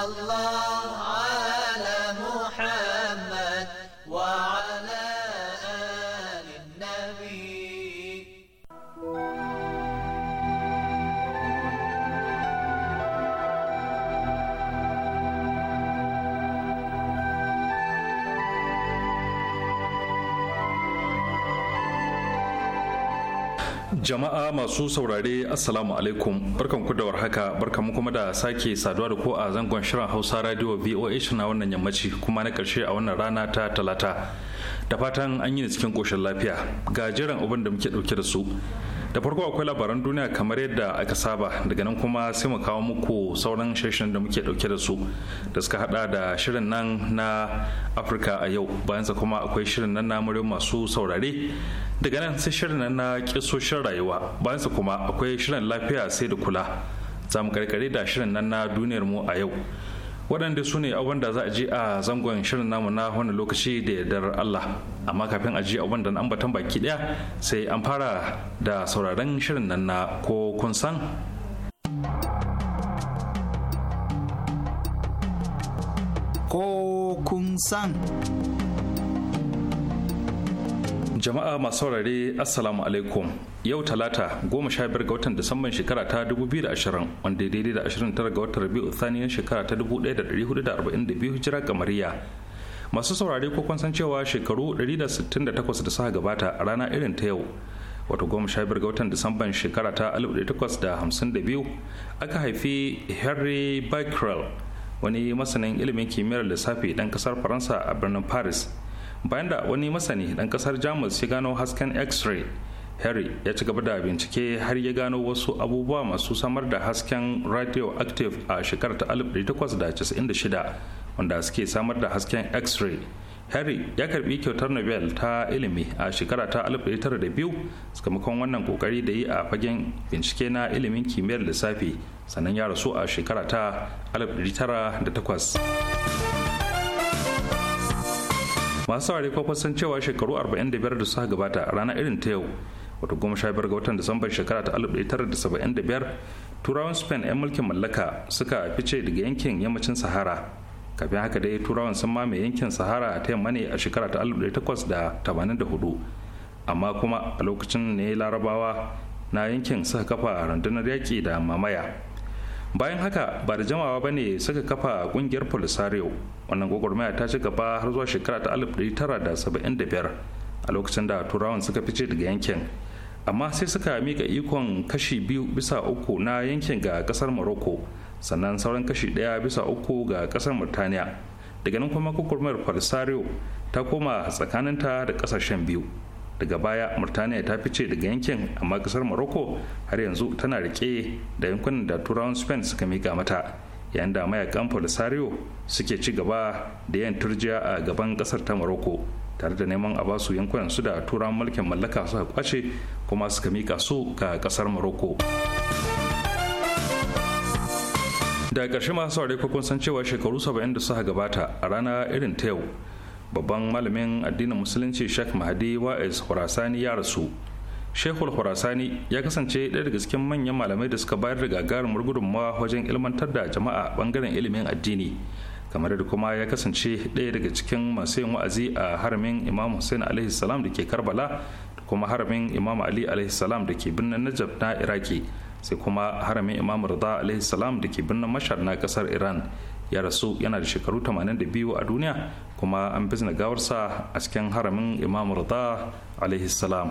Allah. Jama'a masu saurare Assalamu alaikum barkan ku da warhaka barkan mu kuma da sake saduwa da ko a zangon shirin Hausa Radio VOH na wannan yammaci kuma na karshe a wannan rana ta talata da fatan an yi cikin koshin lafiya ga jiran abin da muke dauke da su da farko akwai labaran duniya kamar yadda aka saba daga nan kuma sai mu kawo muku sauran shirin da muke dauke da su da suka hada da shirin nan na afirka a yau sa kuma akwai shirin nan na murin masu saurare daga nan sai shirin nan na kisoshin rayuwa bayansa kuma akwai shirin lafiya sai da kula za mu karkare da shirin nan na duniyar mu a yau waɗanda su ne abin da za a je a zangon shirin namu na wani lokaci da yardar Allah amma kafin a ji abin da ambatan baki ɗaya sai an fara da sauraron shirin nan na ko kun san ko kun san jama'a masu saurare assalamu alaikum yau talata goma sha biyar ga watan disamban shekara ta dubu biyu da ashirin wanda daidai da ashirin tara ga watan rabi'u saniyar shekara ta dubu ɗaya da da da hudu arba'in biyu hijira kamariya masu saurare ko kun san cewa shekaru ɗari da takwas da suka gabata a rana irin ta yau wato goma sha biyar ga watan disamban shekara ta alif ɗaya takwas da da hamsin biyu. aka haifi harry becquerel wani masanin ilimin kimiyyar lissafi dan kasar faransa a birnin paris bayan da wani masani dan kasar jamus ya gano hasken x-ray harry ya ci gaba da bincike har ya gano wasu abubuwa masu samar da hasken radioactive a shekarar ta 1896 wanda suke samar da hasken x-ray harry ya karbi kyautar nobel ta ilimi a shekara ta 1902 sakamakon wannan kokari da yi a fagen bincike na ilimin kimiyyar lissafi sannan ya rasu a shekara ta 1908 masu saurari kwakwasan cewa shekaru 45 da suka gabata rana irin ta yau wato goma sha biyar ga watan disambar shekara ta tara da da saba'in biyar turawan spain 'yan mulkin mallaka suka fice daga yankin yammacin sahara kafin haka dai turawan sun mame yankin sahara ta yamma ne a shekara ta takwas da da tamanin hudu amma kuma a lokacin ne larabawa na yankin suka kafa rundunar yaƙi da mamaya bayan haka ba da jamawa ba ne suka kafa ƙungiyar polisario wannan gwagwarmaya ta ci gaba har zuwa shekara ta 1975 a lokacin da turawan suka fice daga yankin amma sai suka mika ikon kashi biyu bisa uku na yankin ga kasar morocco sannan sauran kashi daya bisa uku ga kasar murtaniya daga nan kuma kukurmar polisario ta koma tsakaninta da kasashen biyu daga baya murtaniya ta fice daga yankin amma kasar morocco har yanzu tana rike da yankunan da turawan spain suka mika mata yayin da mayakan polisario suke ci gaba da yan turjiya a gaban kasar ta morocco tare da neman a basu yankunan su da turawan mulkin mallaka suka kwace kuma suka mika su ga kasar morocco da ƙarshe masu saurari kun san cewa shekaru 70 da suka gabata a rana irin ta yau babban malamin addinin musulunci sheikh mahdi wa'iz khurasani ya rasu shekul khurasani ya kasance ɗaya daga cikin manyan malamai da suka bayar da gagarumar gudunmawa wajen ilmantar da jama'a bangaren ilimin addini kamar da kuma ya kasance ɗaya daga cikin masu yin wa'azi a haramin imam hussein alaihi salam da ke karbala da kuma haramin imam ali alaihi salam da ke birnin najab na iraki sai kuma haramin imam rada alaihi salam da ke birnin mashar na kasar iran ya rasu yana da shekaru 82 a duniya kuma an bizna gawarsa a cikin haramin imam rada alaihi salam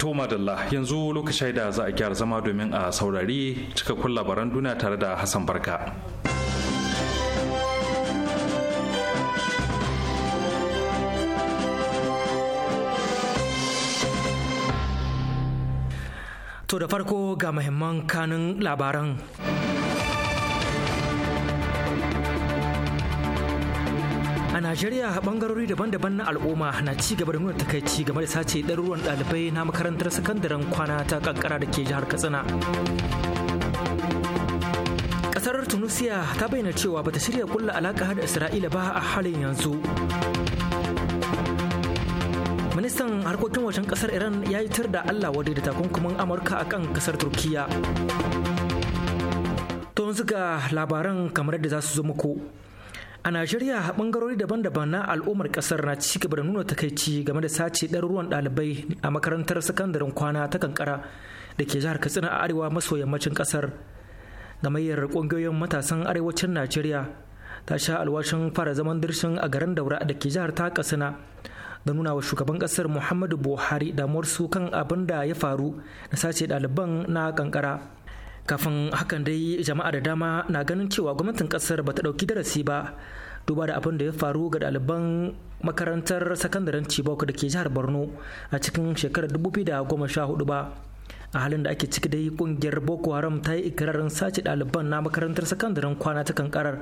Toma madalla yanzu lokacin da za a gyara zama domin a saurari cikakkun labaran duniya tare da Hassan Barka. To da farko ga muhimman kanin labaran. A Najeriya bangarori daban-daban na al'umma na ci gaba da nuna takaici game da sace ɗaruruwan ɗalibai na makarantar sakandaren kwana ta kankara da ke jihar Katsina. Kasar Tunisia ta bayyana cewa bata shirya kulla alaka da Isra'ila ba a halin yanzu. Ministan harkokin wajen kasar Iran ya yi tar da Allah wadai da takunkumin Amurka akan kasar Turkiya. Turkiyya. yanzu ga labaran kamar da za su zo muku. A Najeriya bangarori daban-daban na al'ummar kasar na ci da nuna takaici game da sace ɗaruruwan ɗalibai a makarantar sakandaren kwana ta kankara da ke jihar Katsina a arewa maso yammacin kasar. Gamayyar ƙungiyoyin matasan arewacin Najeriya ta sha alwashin fara zaman dirshin a garin Daura da ke jihar ta Katsina da nuna wa shugaban kasar Muhammadu Buhari damuwar su kan abin da ya faru na sace ɗaliban na kankara. kafin hakan dai jama'a da dama na ganin cewa gwamnatin kasar bata dauki darasi ba duba da abin da ya faru ga ɗaliban makarantar sakandaren chibok da ke jihar borno a cikin shekarar hudu ba a halin da ake ciki dai kungiyar boko haram ta yi ikirarin sace ɗaliban na makarantar sakandaren kwana ta kankarar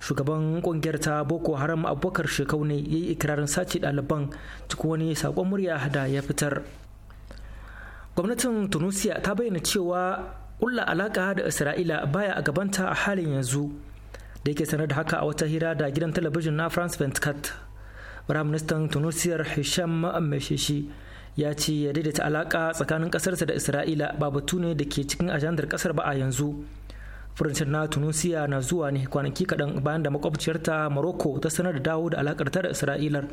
shugaban kungiyar ta boko haram abubakar shekau ne ya yi ikirarin sace ɗaliban cikin wani saƙon murya da ya fitar gwamnatin tunisia ta bayyana cewa Ƙulla alaka da isra'ila baya a gabanta a halin yanzu da yake sanar da haka a wata hira da gidan talabijin na france 24 Minister tunisiyar hisham ma'amashishi ya ce ya daidaita alaka tsakanin ƙasarsa da isra'ila ba batu ne da ke cikin ajandar kasar ba a yanzu furancin na tunisia na zuwa ne kwanaki kaɗan bayan da makwabciyarta morocco ta sanar da dawo da alakar ta da isra'ilar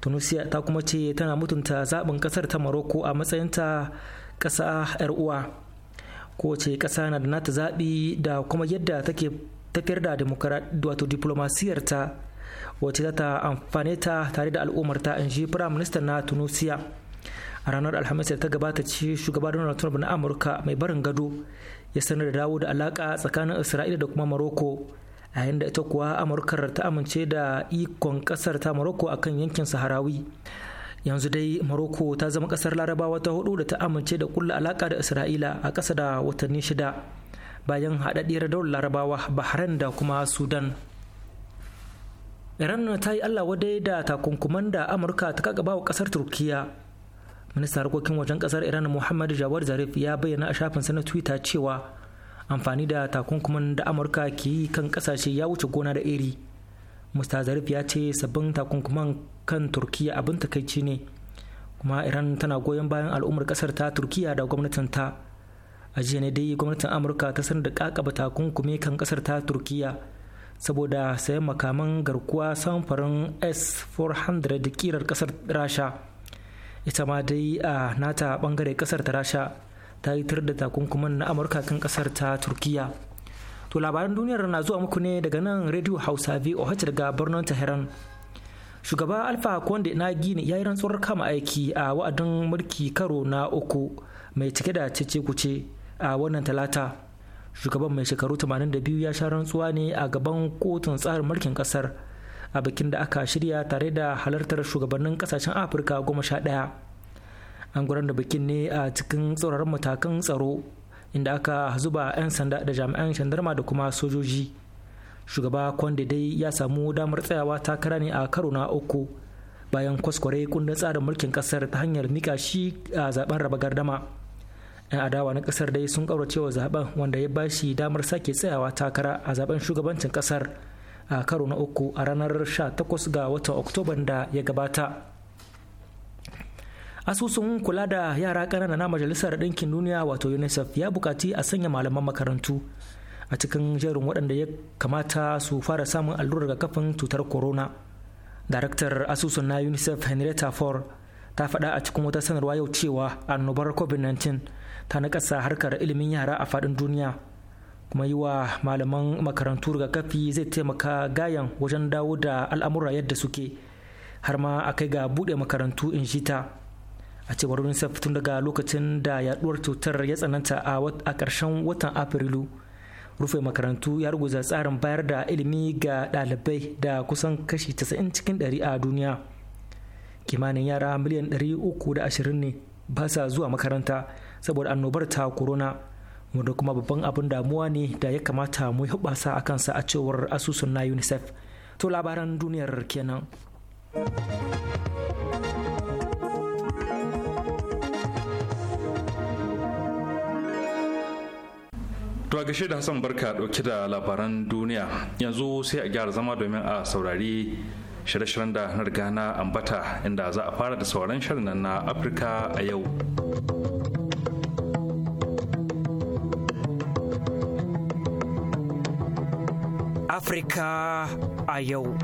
tunisiya ta kuma ce tana mutunta zaɓin ƙasar ta morocco a matsayinta ƙasa 'yar uwa kowace ƙasa na da nata zaɓi da kuma yadda take tafiyar da wato diplomasiyar ta wacce za ta amfane ta tare da al'ummar ta in ji firayim ministan na tunisia a ranar alhamis da ta gabata ce shugaba donald trump na amurka mai barin gado ya sanar da dawo da alaka tsakanin isra'ila da kuma morocco a yayin da ita kuwa amurkar ta amince da ikon kasar ta morocco akan yankin saharawi yanzu dai morocco ta zama kasar larabawa ta hudu da ta amince da kulla alaka da isra'ila a ƙasa da watanni shida bayan haɗaɗɗiyar daular larabawa bahrain da kuma sudan iran ta yi allah wadai da takunkuman da amurka ta kaka bawa ƙasar turkiya ministan harkokin wajen ƙasar iran muhammad jawar zarif ya bayyana a shafinsa na twitter cewa amfani da takunkuman da amurka ke yi kan ƙasashe ya wuce gona da iri musta zarif ya ce sabbin takunkuman kan turkiya abin takaici ne kuma iran tana goyon bayan al'ummar kasar ta turkiya da gwamnatin ta a jiya ne dai gwamnatin amurka ta sanar da kakaba takunkumi kan kasar ta turkiya saboda sayan makaman garkuwa samfarin s-400 kirar kasar rasha ita ma dai a nata bangare kasar ta rasha ta yi tar da takunkuman na amurka kan kasar ta turkiya to labaran duniyar na zuwa muku ne daga nan radio hausa voh daga birnin tehran shugaba alfa konde na gini ya yi rantsuwar kama aiki a wa'adin mulki karo na uku mai cike da cece kuce a wannan talata shugaban mai shekaru 82 ya sha rantsuwa ne a gaban kotun tsarin mulkin kasar a bikin da aka shirya tare da halartar shugabannin kasashen afirka goma sha ɗaya an gudanar da bikin ne a cikin tsauraran matakan tsaro inda aka zuba 'yan sanda da jami'an shandarma da kuma sojoji shugaba kwande dai ya samu damar tsayawa takara ne a karo na uku bayan kwaskware kundin tsarin mulkin kasar ta hanyar mika shi a zaben raba gardama yan adawa na kasar dai sun kauracewa zaben wanda ya bashi damar sake tsayawa takara a zaben shugabancin kasar a karo na uku a ranar 18 ga watan oktoban da ya gabata asusun kula da yara ƙanana na majalisar ɗinkin duniya wato unicef ya bukaci a sanya malaman makarantu a cikin jerin waɗanda ya kamata su fara samun allurar kafin cutar corona daraktar asusun na unicef henrietta ford ta faɗa a cikin wata sanarwa yau cewa annobar covid-19 ta naƙasa harkar ilimin yara a faɗin duniya kuma yi wa malaman makarantu kafi zai taimaka gayan wajen dawo da al'amura yadda suke har ma a kai ga buɗe makarantu in ta a cewar unicef tun daga lokacin da yaɗuwar cutar ya tsananta a ƙarshen watan afrilu rufe makarantu ya ruguza tsarin bayar da ilimi ga ɗalibai da kusan kashi 90 cikin 100 a duniya kimanin yara miliyan 320 ne ba sa zuwa makaranta saboda annobar ta corona wanda kuma babban abin damuwa ne da ya kamata mu yi hubasa a kansa a cewar asusun na unicef to labaran duniyar kenan To gashe da Hassan Barka dauke da labaran duniya yanzu sai a gyara zama domin a saurari shirye-shiryen da na riga na ambata inda za a fara da sauran shirin na Afirka a yau. Afirka a yau.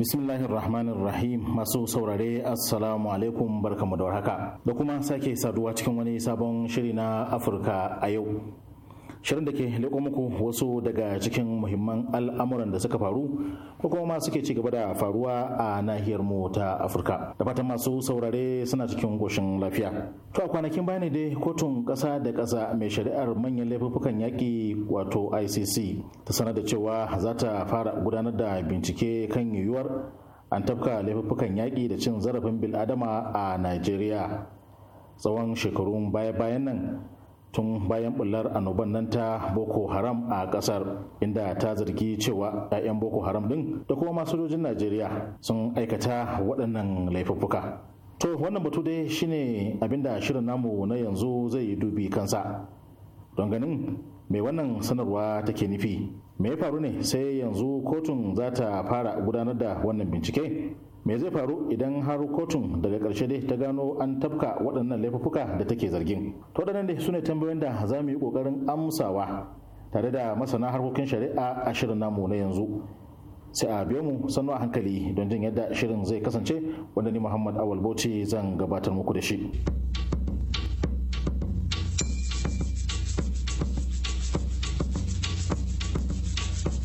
Bismillahirrahmanirrahim masu saurare assalamu alaikum barkamu da warhaka da kuma sake saduwa cikin wani sabon shiri na Afirka a yau shirin da ke leko muku wasu daga cikin muhimman al'amuran da suka faru ko kuma ma suke ci gaba da faruwa a nahiyar mu ta afirka da fatan masu saurare suna cikin goshin lafiya to a kwanakin bayani dai kotun ƙasa da ƙasa mai shari'ar manyan laifuffukan yaƙi wato icc ta sanar da cewa za ta fara gudanar da bincike kan yiwuwar an tafka laifuffukan yaƙi da cin zarafin bil'adama a najeriya tsawon shekarun baya-bayan nan tun bayan bullar annoban nan ta boko haram a kasar inda ta zargi cewa 'ya'yan boko haram din da kuma sojojin najeriya sun aikata waɗannan laifuffuka to wannan batu dai shine abinda shirin namu na yanzu zai dubi kansa don ganin mai wannan sanarwa take nufi me ya faru ne sai yanzu kotun za ta fara gudanar da wannan bincike me zai faru idan har kotun daga karshe dai ta gano an tafka waɗannan laifuka da take zargin to nan dai su ne tambayoyin da za mu yi ƙoƙarin amsawa tare da masana harkokin shari'a a shirin namu na yanzu sai a biyo mu sannu a hankali don jin yadda shirin zai kasance wanda ni muhammad awal bauchi zan gabatar muku da shi.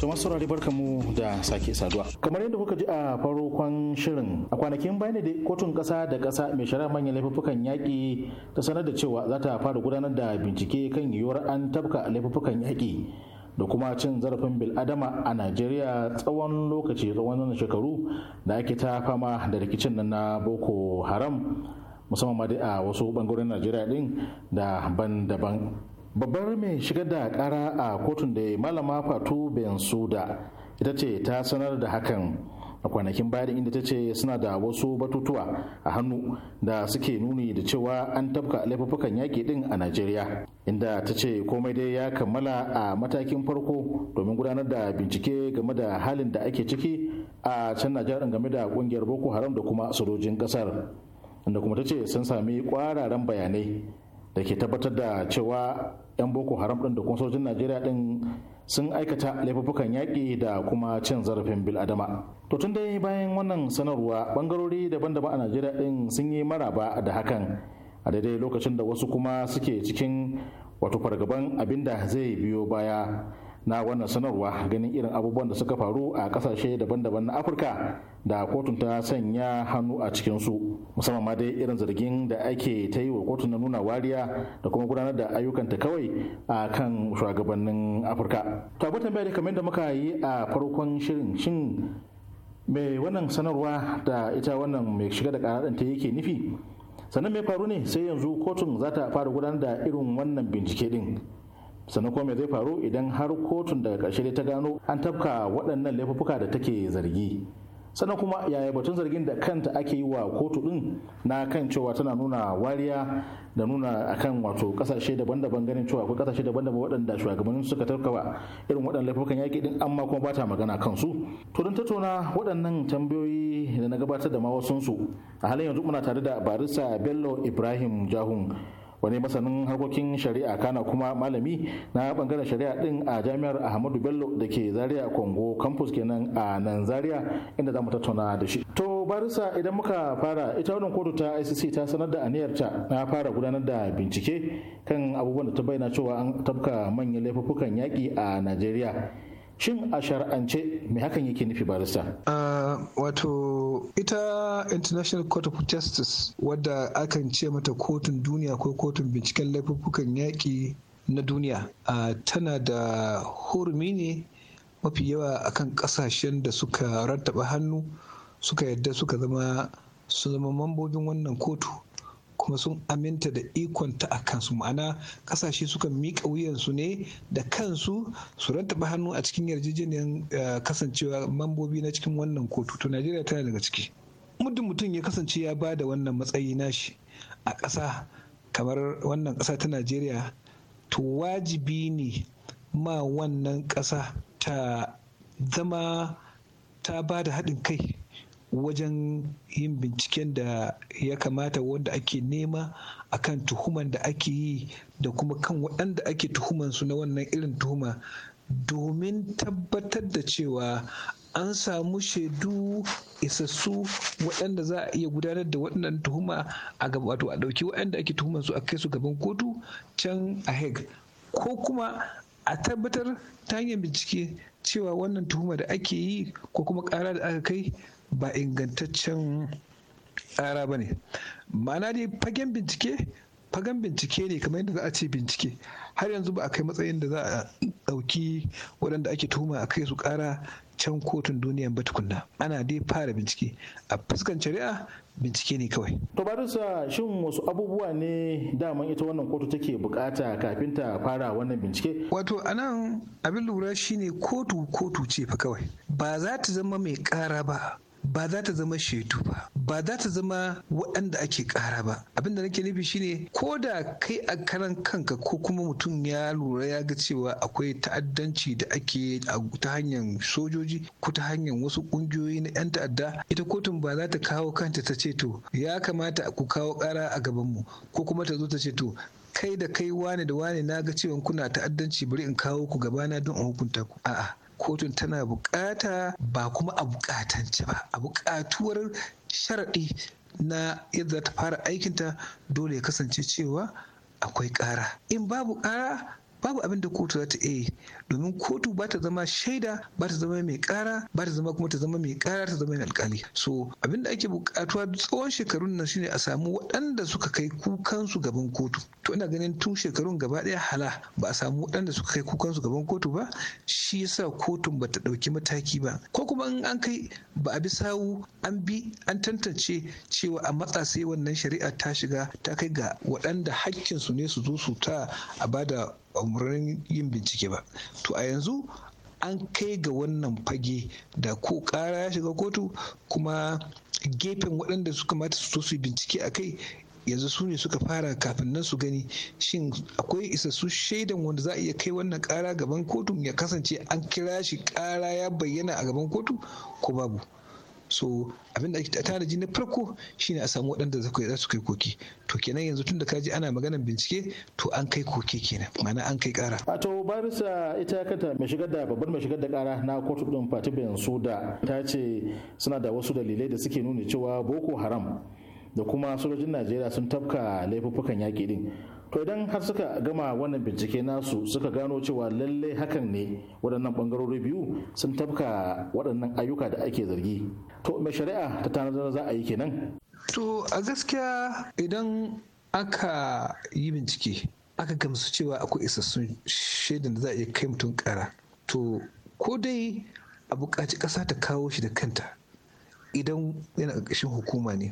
To masu barka mu da sake saduwa. Kamar yadda kuka ji a farkon shirin a kwanakin bayan da kotun kasa da kasa mai shari'a manyan laifukan yaƙi ta sanar da cewa za ta fara gudanar da bincike kan yiwuwar an tabka laifukan yaƙi da kuma cin zarafin bil'adama a Najeriya tsawon lokaci tsawon shekaru da ake ta fama da rikicin nan na Boko Haram musamman ma dai a wasu bangaren Najeriya din da ban daban babbar mai shigar da kara a kotun da malama fatu bensuda ita ce ta sanar da hakan a kwanakin bayan inda ta ce suna da wasu batutuwa a hannu da suke nuni da cewa an tafka laifuffukan yaƙi din a najeriya inda ta ce komai dai ya kammala a matakin farko domin gudanar da bincike game da halin da ake ciki a can najeriya game da kungiyar boko haram da kuma sojojin ƙasar inda kuma ta ce sun sami kwararan bayanai da ke tabbatar da cewa 'yan boko haram ɗin da kuma sojin najeriya ɗin sun aikata laifukan yaƙi da kuma cin zarafin biladama. To tun dai bayan wannan sanarwa bangarori daban-daban a Najeriya ɗin sun yi maraba da hakan a daidai lokacin da wasu kuma suke cikin wato fargaban abin da zai biyo baya na wannan sanarwa ganin irin abubuwan da suka faru a kasashe daban-daban na afirka da kotun ta sanya hannu a cikinsu musamman ma dai irin zargin da ake ta yi wa kotun na nuna wariya da kuma gudanar da ayyukanta kawai a kan shugabannin afirka to abu tambaya da kamar da muka yi a farkon shirin shin mai wannan sanarwa da ita wannan mai shiga da kara ta yake nufi sannan mai faru ne sai yanzu kotun za ta fara gudanar da irin wannan bincike din sannan kuma me zai faru idan har kotun daga ƙarshe ta gano an tafka waɗannan laifuffuka da take zargi sannan kuma yaya batun zargin da kanta ake yi wa kotu din na kan cewa tana nuna wariya da nuna akan wato kasashe daban-daban ganin cewa akwai kasashe daban-daban waɗanda shugabannin suka ba irin waɗannan laifukan yaƙi din amma kuma ba ta magana kansu to don tattauna waɗannan tambayoyi da na gabatar da ma wasunsu a halin yanzu muna tare da barista bello ibrahim jahun wani masanin harkokin shari'a kana kuma malami na bangaren shari'a din a jami'ar ahmadu bello da ke zaria congo campus kenan a nan zaria inda za mu tattauna da shi to barisa idan muka fara ita wannan kotu ta icc ta sanar da aniyarta na fara gudanar da bincike kan abubuwan da ta bayyana cewa an tafka manyan laifuffukan yaƙi a najeriya shin a shar'ance mai hakan yake nufi barista uh, wato ita international court of justice wadda akan ce mata kotun duniya ko kotun binciken laifuffukan yaƙi na duniya uh, tana da hurumi ne mafi yawa akan ƙasashen da suka rattaba hannu suka yadda suka zama su zama mambobin wannan kotu kuma sun aminta da ikonta a kansu ma'ana kasashe suka miƙa wuyansu ne da kansu su rantaba hannu a cikin yarjejeniyar eh, kasancewa mambobi na cikin wannan kotu to najeriya tana daga ciki muddin mutum ya kasance ya ba da wannan matsayi nashi a ƙasa kamar wannan ƙasa ta najeriya to wajibi ne ma wannan ƙasa ta zama ta ba da haɗin kai wajen yin binciken da ya kamata wanda ake nema a kan tuhuman da ake yi da kuma kan waɗanda ake tuhumansu su na wannan irin tuhuma domin tabbatar da cewa an samu shaidu isassu waɗanda za a iya gudanar da waɗannan tuhuma a gaba wato a ɗauki waɗanda ake tuhuman su a kai su gaban kotu can a hague ko kuma a tabbatar ta hanyar bincike cewa wannan tuhuma da ake yi ko kuma ƙara da aka kai ba ingantaccen ƙara ba ne ma'ana dai fagen bincike fagen bincike ne kamar yadda za a ce bincike har yanzu ba a kai matsayin da za a ɗauki waɗanda ake tuhuma a kai su ƙara can kotun duniya ba tukunna ana dai fara bincike a fuskan shari'a bincike ne kawai. to barisa shin wasu abubuwa ne daman ita wannan kotu take bukata kafin ta fara wannan bincike. wato anan abin lura shine kotu kotu ce fa kawai ba za ta zama mai ƙara ba ba za ta zama shaidu ba ba za ta zama waɗanda ake ƙara ba abin da nake nufi shine ko da kai a karan kanka ko kuma mutum ya lura ya ga cewa akwai ta'addanci da ake ta hanyar sojoji ko ta hanyar wasu ƙungiyoyi na 'yan ta'adda ita kotun ba za ta kawo kanta ta ce to ya kamata ku kawo ƙara a gabanmu ko kuma ta zo ta ce to kai da kai wane da wane na ga cewa kuna ta'addanci bari in kawo ku gabana don in hukunta ku a'a kotun tana bukata ba kuma a bukatance ba a bukatuwar sharaɗi na yadda ta fara aikinta dole ya kasance cewa akwai ƙara in babu ƙara babu abin da kotu za ta iya domin kotu ba ta zama shaida ba ta zama mai kara ba ta zama kuma ta zama mai kara ta zama mai alkali so abin da ake bukatuwa tsawon shekarun nan shine a samu waɗanda suka kai kukansu gaban kotu to ina ganin tun shekarun gaba ɗaya hala ba a samu waɗanda suka kai kukansu gaban kotu ba shi yasa kotun ba ta ɗauki mataki ba ko kuma in an kai ba a bi sawu an bi an tantance cewa a matsa sai wannan shari'a ta shiga ta kai ga waɗanda hakkinsu ne su zo su ta a bada umarnin yin bincike ba to a yanzu an kai ga wannan fage da ko kara ya shiga kotu kuma gefen waɗanda su kamata su su bincike a kai yanzu su ne suka fara kafin nan su gani shin akwai isassu shaidan wanda za a iya kai wannan kara gaban kotu ya kasance an kira shi kara ya bayyana a gaban kotu ko babu so abin da ake tanaji na farko shine a samu waɗanda za su kai koke to kenan yanzu tun da kaji ana maganar bincike to an kai koke kenan ma'ana an kai kara to barisa ita kanta mai shigar da babban mai shigar da kara na kotu din fatibayan da ta ce suna da wasu dalilai da suke nuna cewa boko haram da kuma sojojin najeriya sun tafka laifuffukan yaƙi din to idan har suka gama wannan bincike nasu suka gano cewa lalle hakan ne waɗannan ɓangarori biyu sun tafka waɗannan ayyuka da ake zargi to mai shari'a ta tanadar za a yi kenan to a gaskiya idan aka yi bincike aka gamsu cewa akwai isassun shaidan da za a iya kai mutum kara to ko dai a buƙaci ƙasa ta kawo shi da kanta idan yana ƙarƙashin hukuma ne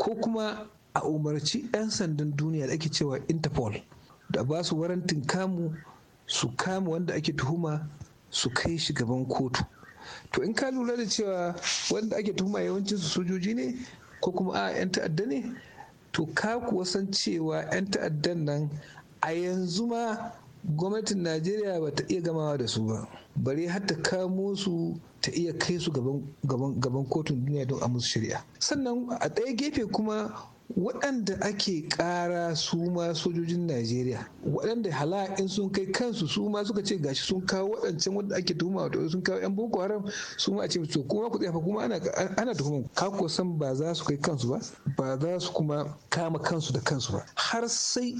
ko kuma a umarci 'yan sandan duniya da ake cewa interpol da ba su warantin kamu su kama wanda ake tuhuma su kai shi gaban kotu to in ka lura da cewa wanda ake tuhuma yawancin su sojoji ne ko kuma a 'yan ta'adda ne to ka kuwa san cewa 'yan ta'addan nan a yanzu ma gwamnatin najeriya ba ta iya gamawa da su ba bari hatta kamo su ta iya kai su gaban kotun duniya don a musu shari'a sannan a ɗaya gefe kuma waɗanda ake ƙara su ma sojojin najeriya waɗanda hala'in sun kai kansu su ma suka ce gashi sun kawo waɗancan wanda ake tuhuma wato sun kawo yan boko haram su ma a ce to kuma ku tsaya kuma ana tuhuma ka ko san ba za su kai kansu ba ba za su kuma kama kansu da kansu ba har sai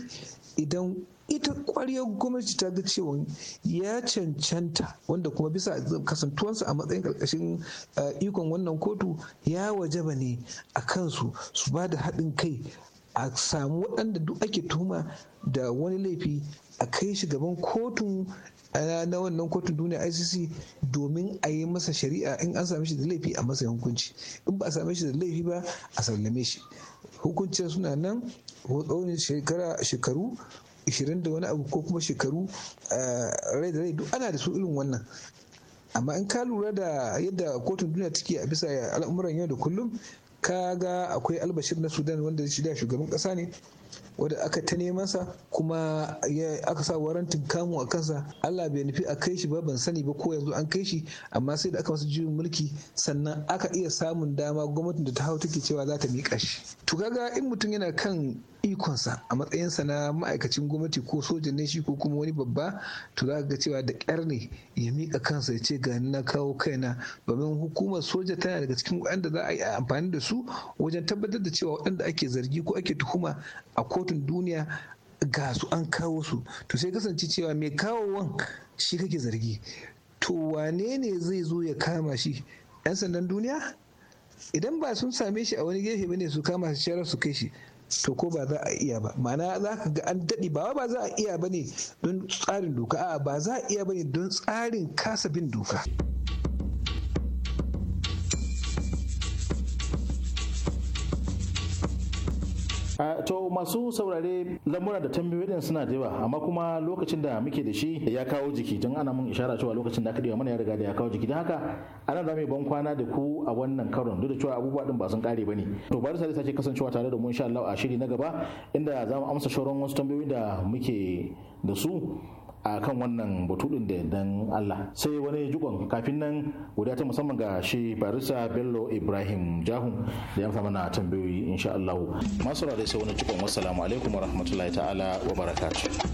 idan ita kwaryar gwamnati ta ga cewa ya cancanta wanda kuma bisa kasantuwansa a matsayin karkashin eh, ikon wannan kotu ya wajaba ne a kansu su ba da haɗin kai a samu waɗanda duk ake tuhuma da wani laifi a kai shi gaban kotun eh, na wannan kotun duniya icc domin a yi masa shari'a in an same shi da laifi a masa hukunci in ba a same shi da laifi ba a sallame shi hukuncin suna nan tsawon shekara shekaru ishirin da wani abu ko kuma shekaru eh, rai da rai duk ana da su irin wannan amma in ka lura da yadda kotun duniya take a bisa al'amuran yau da kullum ka ga akwai albashir na sudan wanda shi da shugaban kasa ne wadda aka ta neman sa kuma aka sa warantin kamu a kansa allah bai nufi a kai shi ba ban sani ba ko yanzu an kai shi amma sai da aka masa juyin mulki sannan aka iya samun dama gwamnatin da ta hau take cewa za ta miƙa shi to kaga in mutum yana kan ikonsa a matsayinsa na ma'aikacin gwamnati ko sojan ne shi ko kuma wani babba to za ga cewa da kyar ne ya miƙa kansa ya ce gani na kawo kaina domin hukumar soja tana daga cikin waɗanda za a yi amfani da su wajen tabbatar da cewa waɗanda ake zargi ko ake tuhuma a kotun duniya ga su an kawo su to sai kasance cewa mai kawowan shi kake zargi to wane ne zai zo ya kama shi 'yan sandan duniya idan ba sun same shi a wani gefe bane su kama shi sharar su kai shi to ko ba za a iya ba mana za ka ga an daɗe ba ba za a iya ba ne don tsarin doka a'a ba za a iya ba ne don tsarin kasa bin doka. to masu saurare lamura da tambayoyin suna da yawa amma kuma lokacin da muke da shi ya kawo jiki don ana mun ishara cewa lokacin da aka diba mana ya riga da ya kawo jiki don haka ana za mu ban kwana da ku a wannan karon duk da cewa abubuwa din ba sun kare bane to bari sai sake kasancewa tare da mu insha Allah a shiri na gaba inda za mu amsa shauran wasu tambayoyi da muke da su a kan wannan batu din da dan Allah sai wani jiƙon kafin nan guda ta musamman ga shi barisa bello ibrahim jahun da ya mana tambayoyi insha Allah masu da sai wani wasu wassalamu alaikum warahmatullahi ta'ala wa barakatuh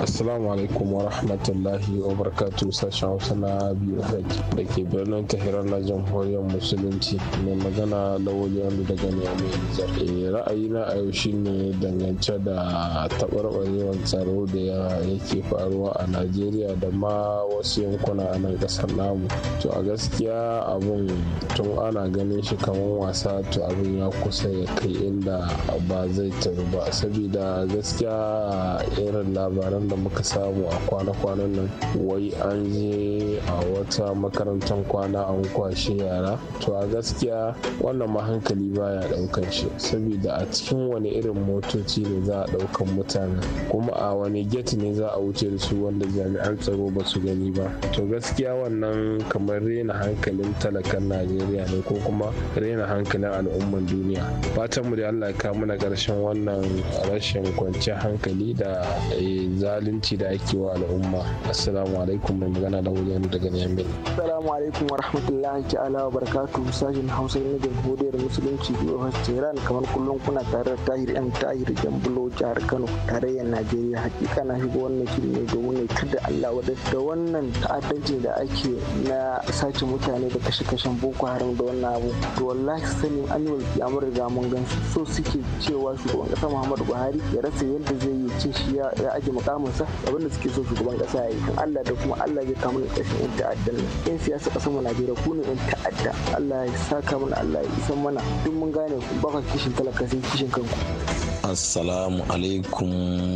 assalamu alaikum warahmatullahi wabarakatuh sashen hausa na biyu da ke birnin tahiran na jamhuriyar musulunci mai magana lawali wanda daga niyamai nijar eh, na a yau shine dangance da taɓarɓarewar tsaro da yake faruwa a najeriya da ma wasu yankuna a nan ƙasar namu to a gaskiya abun tun ana ganin shi kamar wasa to abin ya kusa ya kai inda ba zai taru ba saboda gaskiya irin labaran da muka samu a kwana-kwanan nan wai an je a wata makarantar kwana an kwashe yara to a gaskiya wannan ma hankali baya daukan shi saboda a cikin wani irin motoci ne za a daukan mutane kuma a wani get ne za a wuce da su wanda jami'an tsaro ba su gani ba to gaskiya wannan kamar rena hankalin talakan najeriya ne ko kuma rena hankalin al'umman duniya fatan mu da allah ya kawo mana karshen wannan rashin kwanciyar hankali da eh, za zalunci da ake wa al'umma assalamu alaikum mai magana da wajen daga nemin assalamu alaikum wa rahmatullahi ta'ala wa barakatuh sashen hausa na jamhuriyar musulunci jihar tehran kamar kullum kuna tare da tahir m tahir jambulo jihar kano tarayyar najeriya hakika na shigo wannan shirin ne domin ne kada allah da wannan ta'addanci da ake na sace mutane da kashe-kashen boko haram da wannan abu da wallahi sanin annual kiyamar riga mun gan so suke cewa shugaban kasa muhammadu buhari ya rasa yadda zai yi cin shi ya aje mukamin musa da suke so shugaban kasa yayi yi Allah da kuma Allah zai kama da yan ta'addan nan yan siyasa ƙasar mu Najeriya ku ne yan ta'adda Allah ya saka mana Allah ya isan mana duk mun gane ba ka kishin talaka sai kishin kanku assalamu alaikum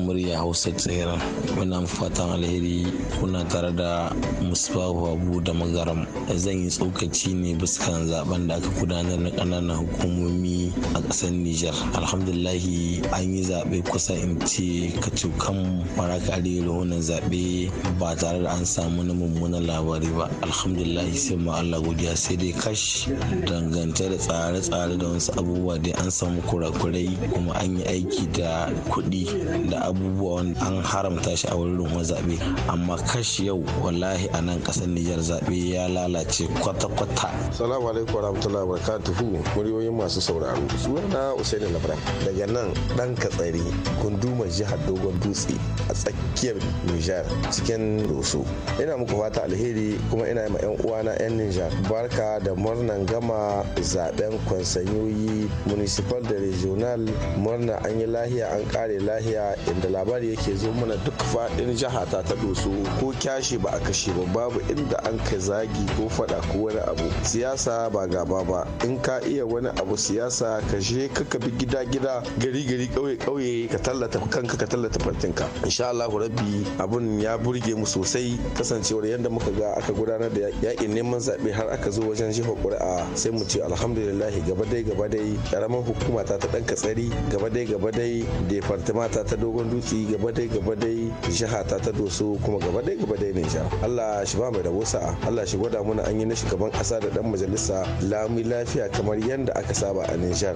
murya hausa tseren muna fatan alheri kuna tare da musbahu abu da magaram zan yi tsokaci ne biskan zaben da aka gudanar na kananan hukumomi a ƙasar nijar alhamdulahi an yi zaɓe kusa in ce kacokan maraka arewa wannan zaɓe ba tare da an samu na mummunan labari ba alhamdulahi sai ma allah godiya sai dai kash dangance da tsare-tsare da wasu abubuwa dai an samu kurakurai kuma an yi aiki aiki da kuɗi da abubuwan an haramta shi a wurin zaɓe amma kashi yau wallahi a nan ƙasar nijar zaɓe ya lalace kwata-kwata. salamu alaikum warahmatullahi wabarakatuhu muryoyin masu sauraro suna usaini labran daga nan ɗan katsari gunduma jihar dogon dutse a tsakiyar nijar cikin roso ina muku fata alheri kuma ina ma yan uwana yan nijar barka da murnan gama zaɓen kwansanyoyi municipal da regional murna an yi lahiya an kare lahiya inda labari yake zo mana duk faɗin jiha ta ta doso ko kyashi ba a kashe ba babu inda an kai zagi ko faɗa ko wani abu siyasa ba gaba ba in ka iya wani abu siyasa ka je ka bi gida gida gari gari ƙauye ƙauye ka tallata kanka ka tallata fartinka insha Allah rabbi abun ya burge mu sosai kasancewar yadda muka ga aka gudanar da yakin neman zaɓe har aka zo wajen jihar ƙuri'a sai mu ce alhamdulillah gaba dai gaba dai ƙaramin hukuma ta ta ɗan tsari gaba dai gaba dai departement ta ta dogon dutse gaba dai gaba dai jiha ta ta doso kuma gaba dai gaba dai Nijar Allah shi ba mai da Allah shi gwada mana an yi na shugaban kasa da dan majalisa lami lafiya kamar yadda aka saba a Nijar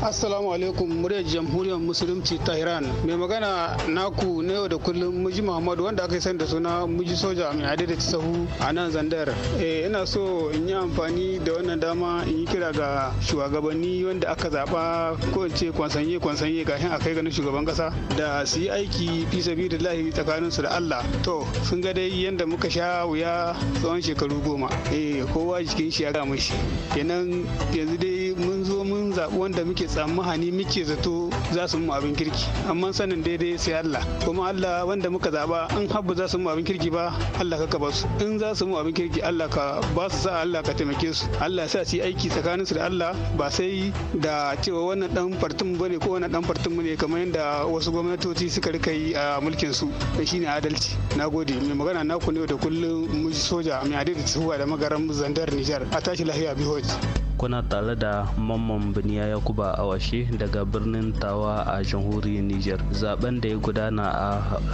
Assalamu alaikum muryar jamhuriyar musulunci ta Iran. Mai magana naku na yau da kullum Muji Muhammadu wanda aka san da suna Muji Soja mai adada sahu a nan Zandar. Eh ina so in yi amfani da wannan dama in yi kira ga shugabanni wanda aka zaba ko in ce kwansanye kwansanye ga a kai ganin shugaban kasa da su yi aiki fi sabilillahi tsakanin su da Allah. To sun ga dai yanda muka sha wuya tsawon shekaru goma. Eh kowa jikin shi ya gama shi. Kenan yanzu dai mun zo mun zaɓi wanda muke tsammani muke zato za su mu abin kirki amma sanin daidai sai Allah kuma Allah wanda muka zaba in habba za su mu abin kirki ba Allah ka kaba su in za su mu abin kirki Allah ka ba su sa Allah ka taimake su Allah sa su aiki tsakanin su da Allah ba sai da cewa wannan dan fartin bane ko wannan dan fartin ne kamar yadda wasu gwamnatoci suka rika yi a mulkin su shine adalci nagode mai magana naku ne da kullum soja mai adalci suwa da magaran zandar Nijar a tashi lahiya bihoji kuna tare da mamman biniya yakuba awashe daga birnin tawa a jamhuriyar niger zaben da ya gudana a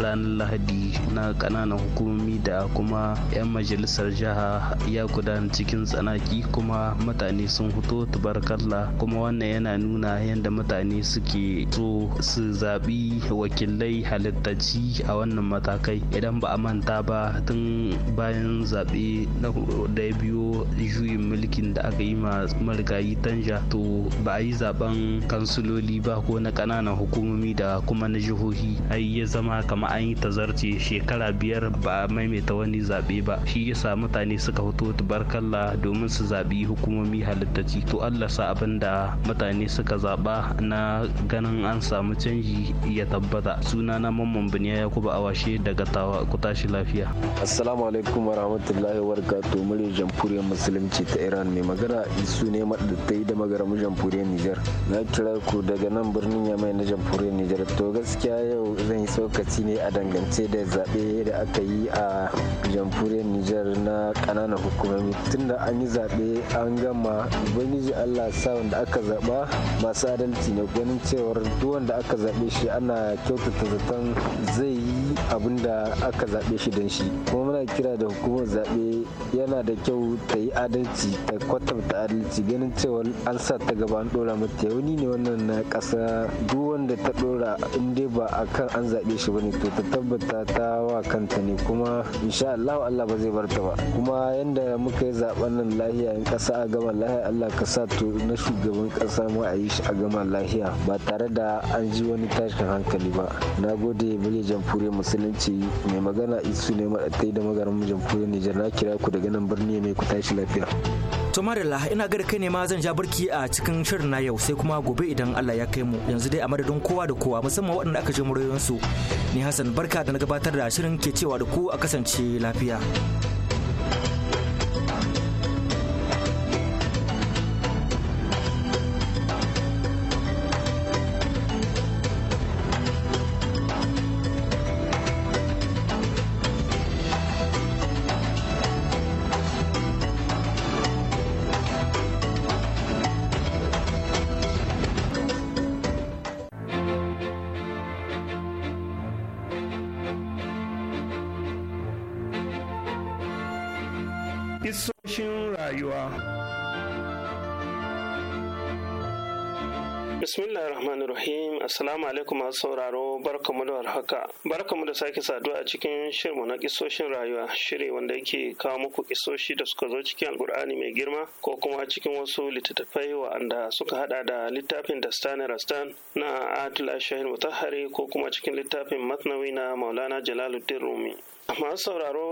ranar lahadi na kananan hukumomi da kuma 'yan majalisar jiha ya gudana cikin tsanaki kuma mutane sun fito tubarkalla kuma wannan yana nuna yadda mutane suke so su zaɓi wakilai halittaci a wannan matakai idan ba a manta ba tun bayan zaɓe da biyo juyin mulkin da aka yi ma marigayi tanja to ba a yi zaben kansiloli ba ko na ƙananan hukumomi da kuma na jihohi ai ya zama kama an yi tazarce shekara biyar ba a maimaita wani zaɓe ba shi yasa mutane suka fito tubarkalla domin su zaɓi hukumomi halittaci to allah sa abin da mutane suka zaɓa na ganin an samu canji ya tabbata suna na mamman biniya ya kuba awashe daga tawa ku tashi lafiya assalamu alaikum warahmatullahi wabarakatuh muryar jamhuriyar musulunci ta iran mai magana isu isu ne madattai da magaram jamhuriyar nijar na kira ku daga nan birnin yamai na jamhuriyar nijar to gaskiya yau zan yi tsokaci ne a dangance da zaɓe da aka yi a jamhuriyar nijar na ƙananan hukumomi tunda an yi zaɓe an gama ubangiji allah sa wanda aka zaɓa masu adalci ne ganin cewar duk wanda aka zaɓe shi ana kyautata zaton zai yi abin da aka zaɓe shi don shi kuma muna kira da hukumar zaɓe yana da kyau ta yi adalci ta kwatanta adalci ganin cewa an sa ta gaba an ɗora mata yauni ne wannan na ƙasa duk wanda ta ɗora in dai ba a kan an zaɓe shi ba ne to ta tabbata ta wa kanta ne kuma insha Allah Allah ba zai bar ta ba kuma yanda muka yi zaɓen nan lahiya in ƙasa a gama lahiya Allah ka sa to na shugaban ƙasa ma a yi shi a gama lahiya ba tare da an ji wani tashin hankali ba na gode fure jamhuriyar musulunci mai magana isu ne maɗatai da magaran jamhuriyar Nijar na kira ku daga nan birni mai ku tashi lafiya. To Marilla ina gada kai ne ma zan ja birki a cikin shirin na yau sai kuma gobe idan Allah ya kai mu yanzu dai a madadin kowa da kowa musamman waɗanda aka ji muryoyinsu. Ni Hassan barka da na gabatar da shirin ke cewa da ku a kasance lafiya. Assalamu alaikum masu sauraro barkamu da warhaka. Barkamu da sake saduwa a cikin shirmu na kisoshin rayuwa, shiri wanda yake kawo muku kisoshi da suka zo cikin Alkur'ani mai girma ko kuma cikin wasu littattafai wa'anda suka hada da littafin Dastan Rastan na Atul Ashahin Mutahari ko kuma cikin littafin Matnawi na Maulana Jalaluddin Rumi. masu sauraro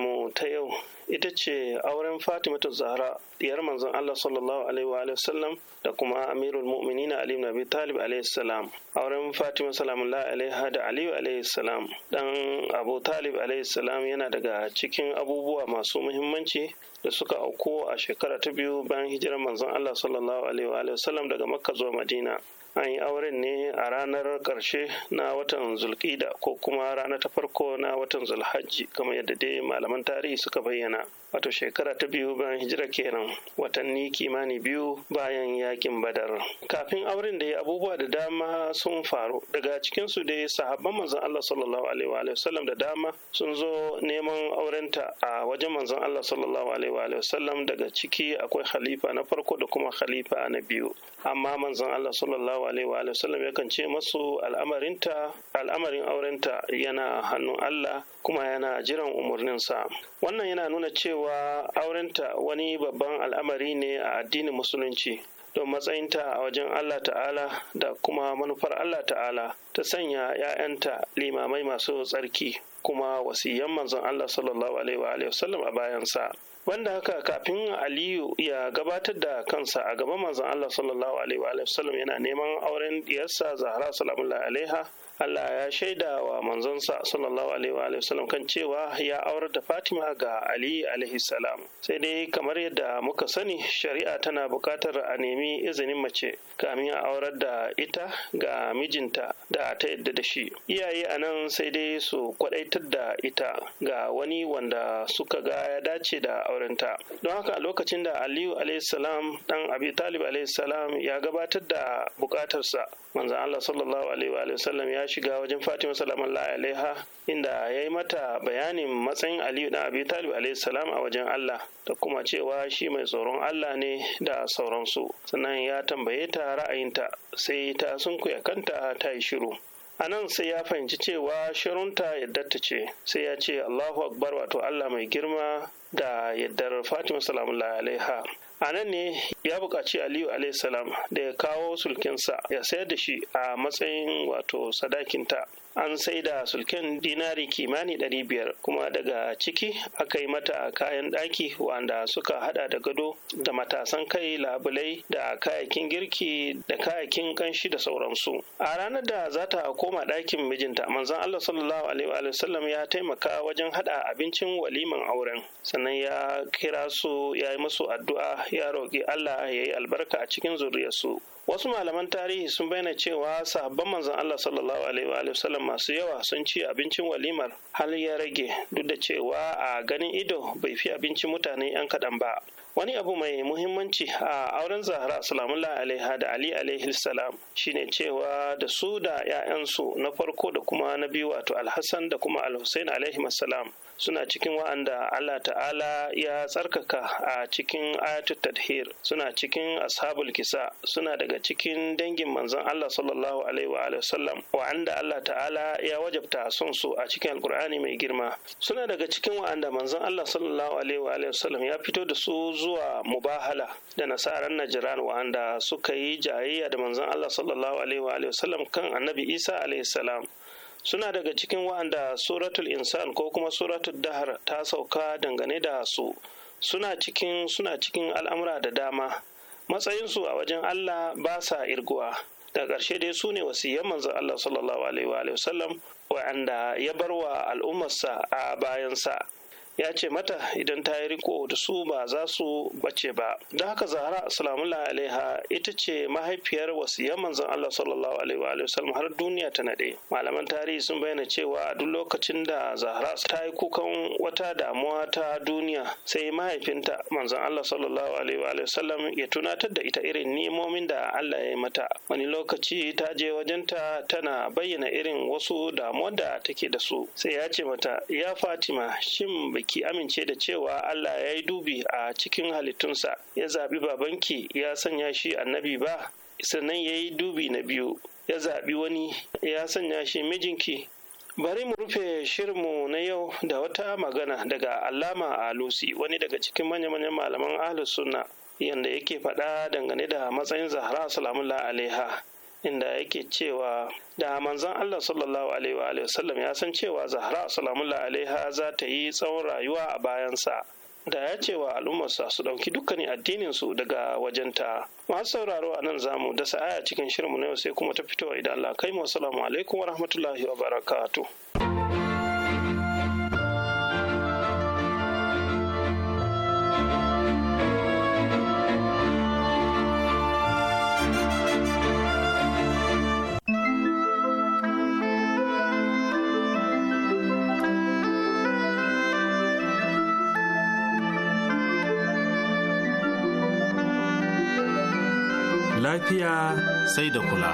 mu ta yau ita ce auren fatimatu zahra diyar manzon allah sallallahu alaihi wa sallam da kuma amirul mu'minina ali ibn abi talib alaihi salam auren fatima salamullahi alaiha da ali alaihi salam dan abu talib alaihi salam yana daga cikin abubuwa masu muhimmanci da suka auku a shekara ta biyu bayan hijirar manzon allah sallallahu alaihi wa sallam daga makka zuwa madina an yi auren ne a ranar ƙarshe na watan zulƙida ko kuma rana ta farko na watan zulhajji kamar yadda dai malaman tarihi suka bayyana wato shekara ta biyu bayan hijira kenan watanni kimani biyu bayan yakin badar kafin auren da abubuwa da dama sun faru daga cikinsu dai sahabban manzon Allah sallallahu alaihi wa sallam da dama sun zo neman aurenta a wajen manzon Allah sallallahu alaihi wa sallam daga ciki akwai khalifa na farko da kuma khalifa na biyu amma manzon Allah sallallahu sallallahu alaihi wa sallam yakan ce masu al'amarinta al'amarin aurenta yana hannun Allah kuma yana jiran umarnin sa wannan yana nuna cewa aurenta wani babban al'amari ne a addinin musulunci don matsayinta a wajen Allah ta'ala da kuma manufar Allah ta'ala ta sanya 'ya'yanta limamai masu tsarki kuma wasiyan manzon Allah sallallahu alaihi wa sallam a bayansa wanda haka kafin aliyu ya gabatar da kansa a gaban manzon allah sallallahu alaihi wa sallam yana neman auren diyarsa zahra salamullahi alaiha Allah ya shaida wa manzonsa sallallahu alaihi wa sallam kan cewa ya aurar da Fatima ga Ali alaihi salam. Sai dai kamar yadda muka sani shari'a tana buƙatar a nemi izinin mace kamin a aurar da ita ga mijinta da ta yadda da shi. Iyaye a nan sai dai su kwadaitar da ita ga wani wanda suka ga ya dace da aurenta. Don haka a lokacin da Aliyu alaihi salam dan Abi Talib alaihi salam ya gabatar da buƙatarsa manzon Allah sallallahu alaihi wa sallam ya shiga wajen Fatima sallallahu alaiha inda ya yi mata bayanin matsayin Aliyu da Abi Talib alaihi a wajen Allah da kuma cewa shi mai tsoron Allah ne da sauransu. Sannan ya tambaye ta ra'ayinta sai ta kuya kanta ta yi shiru. a nan sai ya fahimci cewa shirunta yadda ta ce sai ya ce allahu akbar wato allah mai girma da yaddar fatima salamu alaiha a nan ne ya buƙaci aliyu salam da ya kawo sulkinsa ya sayar da shi a matsayin wato sadakinta an saida sulken dinari kimani 500 kuma daga ciki aka yi mata kayan ɗaki wanda suka hada da gado da matasan kai labulai da kayakin girki da kayakin kanshi da sauransu a ranar da za ta koma ɗakin mijinta manzon Allah sallallahu alaihi wa sallam ya taimaka wajen hada abincin waliman auren sannan ya kira su ya yi musu addu'a ya roƙi Allah ya yi albarka a cikin zuriyarsu wasu malaman tarihi sun bayyana cewa sahabban manzon Allah sallallahu alaihi wa masu yawa sun ci abincin walimar har ya rage duk da cewa a ganin ido bai fi abincin mutane yan kaɗan ba wani abu mai muhimmanci a auren zahra salamullah alaiha da ali alaihi salam shine cewa da su da 'ya'yansu na farko da kuma na biyu wato alhassan da kuma alhussein alaihi salam suna cikin wa'anda Allah ta'ala ya tsarkaka a cikin ayatul tadhir suna cikin ashabul kisa suna daga cikin dangin manzon Allah sallallahu alaihi wa sallam wa'anda Allah ta'ala ya wajabta son su a cikin alqur'ani mai girma suna daga cikin wa'anda manzon Allah sallallahu alaihi wa sallam ya fito da su zuwa mubahala da nasaran najran wa'anda suka yi jayayya da manzon Allah sallallahu alaihi wa sallam kan annabi Isa alaihi salam suna daga cikin wa'anda suratul insan ko kuma suratul dahar ta sauka dangane da su suna cikin suna cikin al'amura da dama matsayinsu a wajen allah ba sa irguwa da ƙarshe dai su ne wasiyan manzon allah sallallahu alaihi wa sallam wa'anda ya bar wa al'ummarsa a bayansa ya ce mata idan ta yi riko da su ba za su bace ba Da haka zahra salamullahi alaiha ita ce mahaifiyar wasiyar manzon Allah sallallahu alaihi wa sallam har duniya ta nade malaman tarihi sun bayyana cewa a duk lokacin da zahra ta yi kukan wata damuwa ta duniya sai mahaifinta manzon Allah sallallahu alaihi wa sallam ya tunatar da ita irin nimomin da Allah ya yi mata wani lokaci ta je wajen ta tana bayyana irin wasu damuwa da take da su sai ya ce mata ya Fatima shin ki amince da cewa Allah ya yi dubi a cikin halittunsa ya zaɓi babanki ya sanya shi annabi ba sannan ya yi dubi na biyu ya zaɓi wani ya sanya shi mijinki bari mu rufe shirinmu na yau da wata magana daga alama a alusi wani daga cikin manya-manyan malaman ahlus sunna yadda yake faɗa dangane da matsayin zahra salamullah alaiha inda yake cewa da manzon Allah sallallahu alaihi wa wasallam ya san cewa Zahra salamullah alaiha za ta yi tsawon rayuwa a bayansa da ya ce wa al'ummarsa su ɗauki dukkanin su daga wajenta masu sauraro a nan zamu da sa'a cikin shirinmu na yau sai kuma ta fito idan Allah kai mu assalamu alaikum wa rahmatullahi wa barakatuh lafiya sai da kula.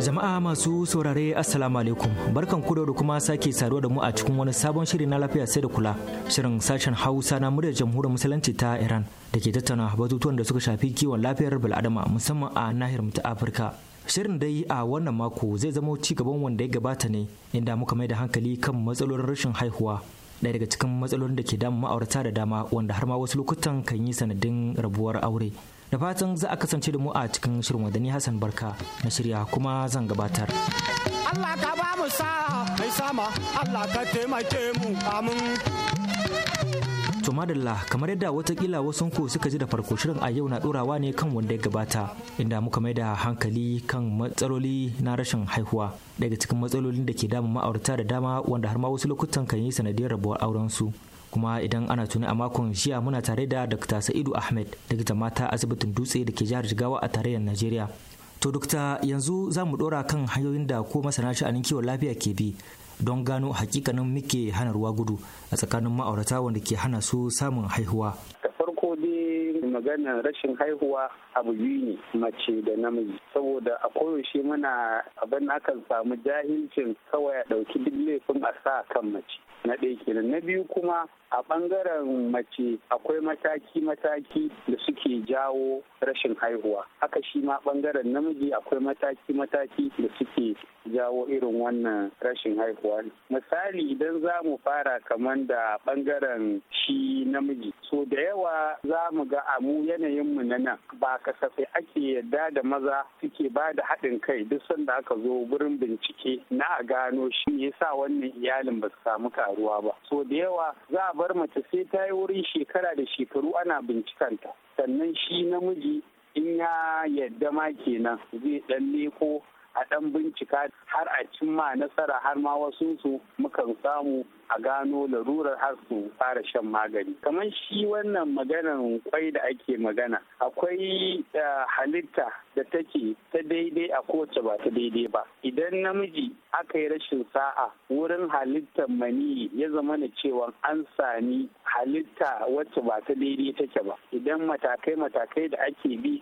Jama'a masu saurare Assalamu alaikum barkan ku da kuma sake saduwa da mu a cikin wani sabon shiri na lafiya sai da kula shirin sashen Hausa na muryar jamhuriyar musulunci ta Iran da ke tattauna batutuwan da suka shafi kiwon lafiyar bil'adama musamman a nahiyar mu ta Afirka. Shirin dai a wannan mako zai zama ci gaban wanda ya gabata ne inda muka mai da hankali kan matsalolin rashin haihuwa ɗaya daga cikin matsalolin da ke damun ma'aurata da dama wanda har ma wasu lokutan kan yi sanadin rabuwar aure da fatan za a kasance da mu a cikin shirin wadani hassan barka na shirya kuma zan gabatar Allah ka ba mu sa mai sama Allah ka taimake mu amin To madalla kamar yadda watakila wasu ku suka ji da farko shirin a yau na dorawa ne kan wanda ya gabata inda muka mai da hankali kan matsaloli na rashin haihuwa daga cikin matsalolin da ke damun ma'aurata da dama wanda har ma wasu lokutan kan yi sanadiyar rabuwar auren su. kuma idan ana tuni a makon jiya muna tare da Dr. Sa'idu Ahmed daga mata asibitin dutse da ke jihar Jigawa a tarayyar Najeriya. To dokta yanzu za mu dora kan hanyoyin da ko masana sha'anin kiwon lafiya ke bi don gano hakikanin muke hana ruwa gudu a tsakanin ma'aurata wanda ke hana su samun haihuwa. farko da maganar rashin haihuwa abu biyu ne mace da namiji saboda a koyaushe muna abin akan samu jahilcin kawai a ɗauki duk laifin a sa kan mace na ɗaya kenan na biyu kuma a ɓangaren mace akwai mataki-mataki da suke jawo rashin haihuwa haka shi ma ɓangaren namiji akwai mataki-mataki da suke jawo irin wannan rashin haihuwa misali idan za mu fara kamar da ɓangaren shi namiji so da yawa za mu ga amu yanayinmu na nan ba kasafai ake yadda da maza suke ba da haɗin kai duk sanda aka zo wurin bincike na a gano shi yasa wannan iyalin ba su samu karuwa ba so da yawa za bar mace sai ta yi wurin shekara da shekaru ana bincikanta sannan shi namiji in ya yadda ma kenan zai dan leko a ɗan bincika har a cimma nasara har ma wasu su mukan samu a gano larurar har su fara shan magani kamar shi wannan maganar kwai da ake magana akwai eh, halitta da take ta daidai a kowace ba ta daidai ba idan namiji aka yi rashin sa'a wurin halittar mani ya zama na cewa an sami halitta wacce ba ta daidai take ba idan matakai matakai da ake bi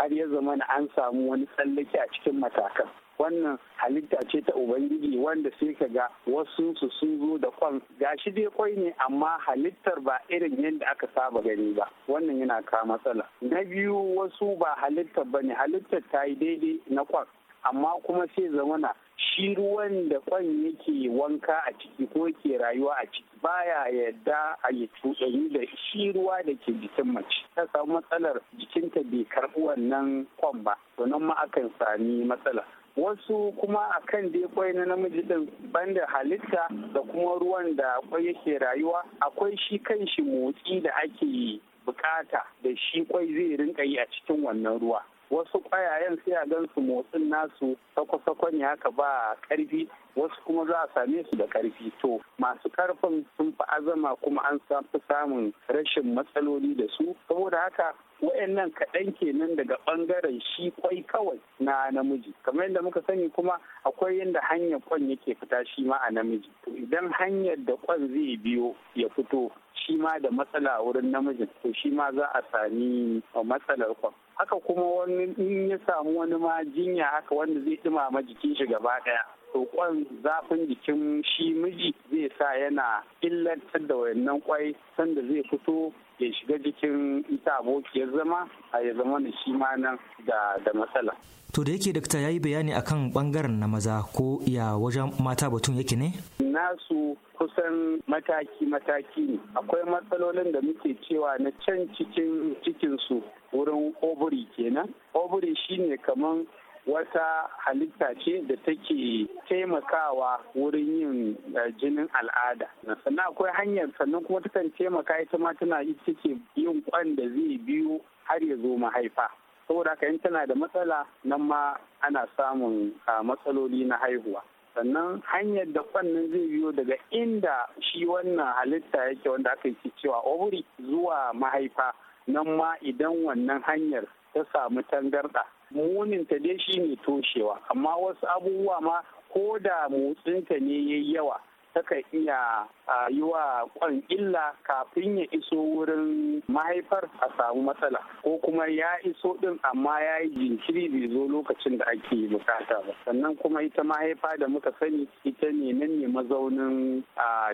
har ya zama an samu wani tsallake a cikin matakan wannan halitta ce ta ubangiji wanda sai ka ga wasu su sun zo da kwan gashi dai kwai ne amma halittar ba irin yadda aka saba gani ba wannan yana ka matsala na biyu wasu ba halittar ba ne halittar ta yi daidai na kwan amma kuma sai zamana shi ruwan da kwan yake wanka a ciki ko yake rayuwa a ciki baya yadda a yi cuɗanyi da shi ruwa da ke jikin mace ta samu matsalar jikinta bai karɓi wannan kwan ba to nan ma akan sami matsala wasu kuma a kan dai kwai na namiji din banda halitta da kuma ruwan da kwai yake rayuwa akwai shi kan shi motsi da ake bukata da shi kwai zai rinka yi a cikin wannan ruwa wasu ƙwayayen sai a gan su motsin nasu sako ya ne haka ba karfi wasu kuma za a same su da karfi to masu ƙarfin sun fi azama kuma an fi samun rashin matsaloli da su saboda haka wayannan kaɗan kenan daga ɓangaren shi kwai kawai na namiji kamar yadda muka sani kuma akwai yadda hanyar kwan yake fita shi ma a namiji to idan hanyar da kwan zai biyo ya fito shi ma da matsala wurin namijin to shi ma za a sami matsalar kwan haka kuma wani in ya samu wani ma jinya haka wanda zai dumama jikin shi gaba daya to kwan zafin jikin shi miji zai sa yana illatar da wayannan kwai sanda zai fito ya shiga cikin ita abokiyar zama a ya zama da shi ma nan da matsala. To da yake dakta yi bayani akan bangaren na maza ko ya wajen mata batun yake ne? Nasu kusan mataki-mataki ne. Akwai matsalolin da muke cewa na can cikin cikinsu wurin oburi kenan. Oburi shine kaman wata halitta ce da take taimakawa wurin yin eh, jinin al'ada sannan akwai hanyar sannan kuma takan taimaka ita ma tana yi take yin kwan da zai biyu har ya zo mahaifa saboda haka in tana da matsala nan ma ana samun ah, matsaloli na haihuwa sannan hanyar da kwannan zai biyo daga inda shi wannan halitta yake wanda aka yi cewa ovary zuwa mahaifa nan ma idan wannan hanyar ta samu tangarɗa muninta dai shi ne toshewa amma wasu abubuwa ma ko da motsinta ne ya yi yawa taka iya yi wa kwan illa kafin ya iso wurin mahaifar a samu matsala ko kuma ya iso din amma ya yi jinkiri bai zo lokacin da ake bukata ba sannan kuma ita mahaifa da muka sani ita ne nan ne mazaunin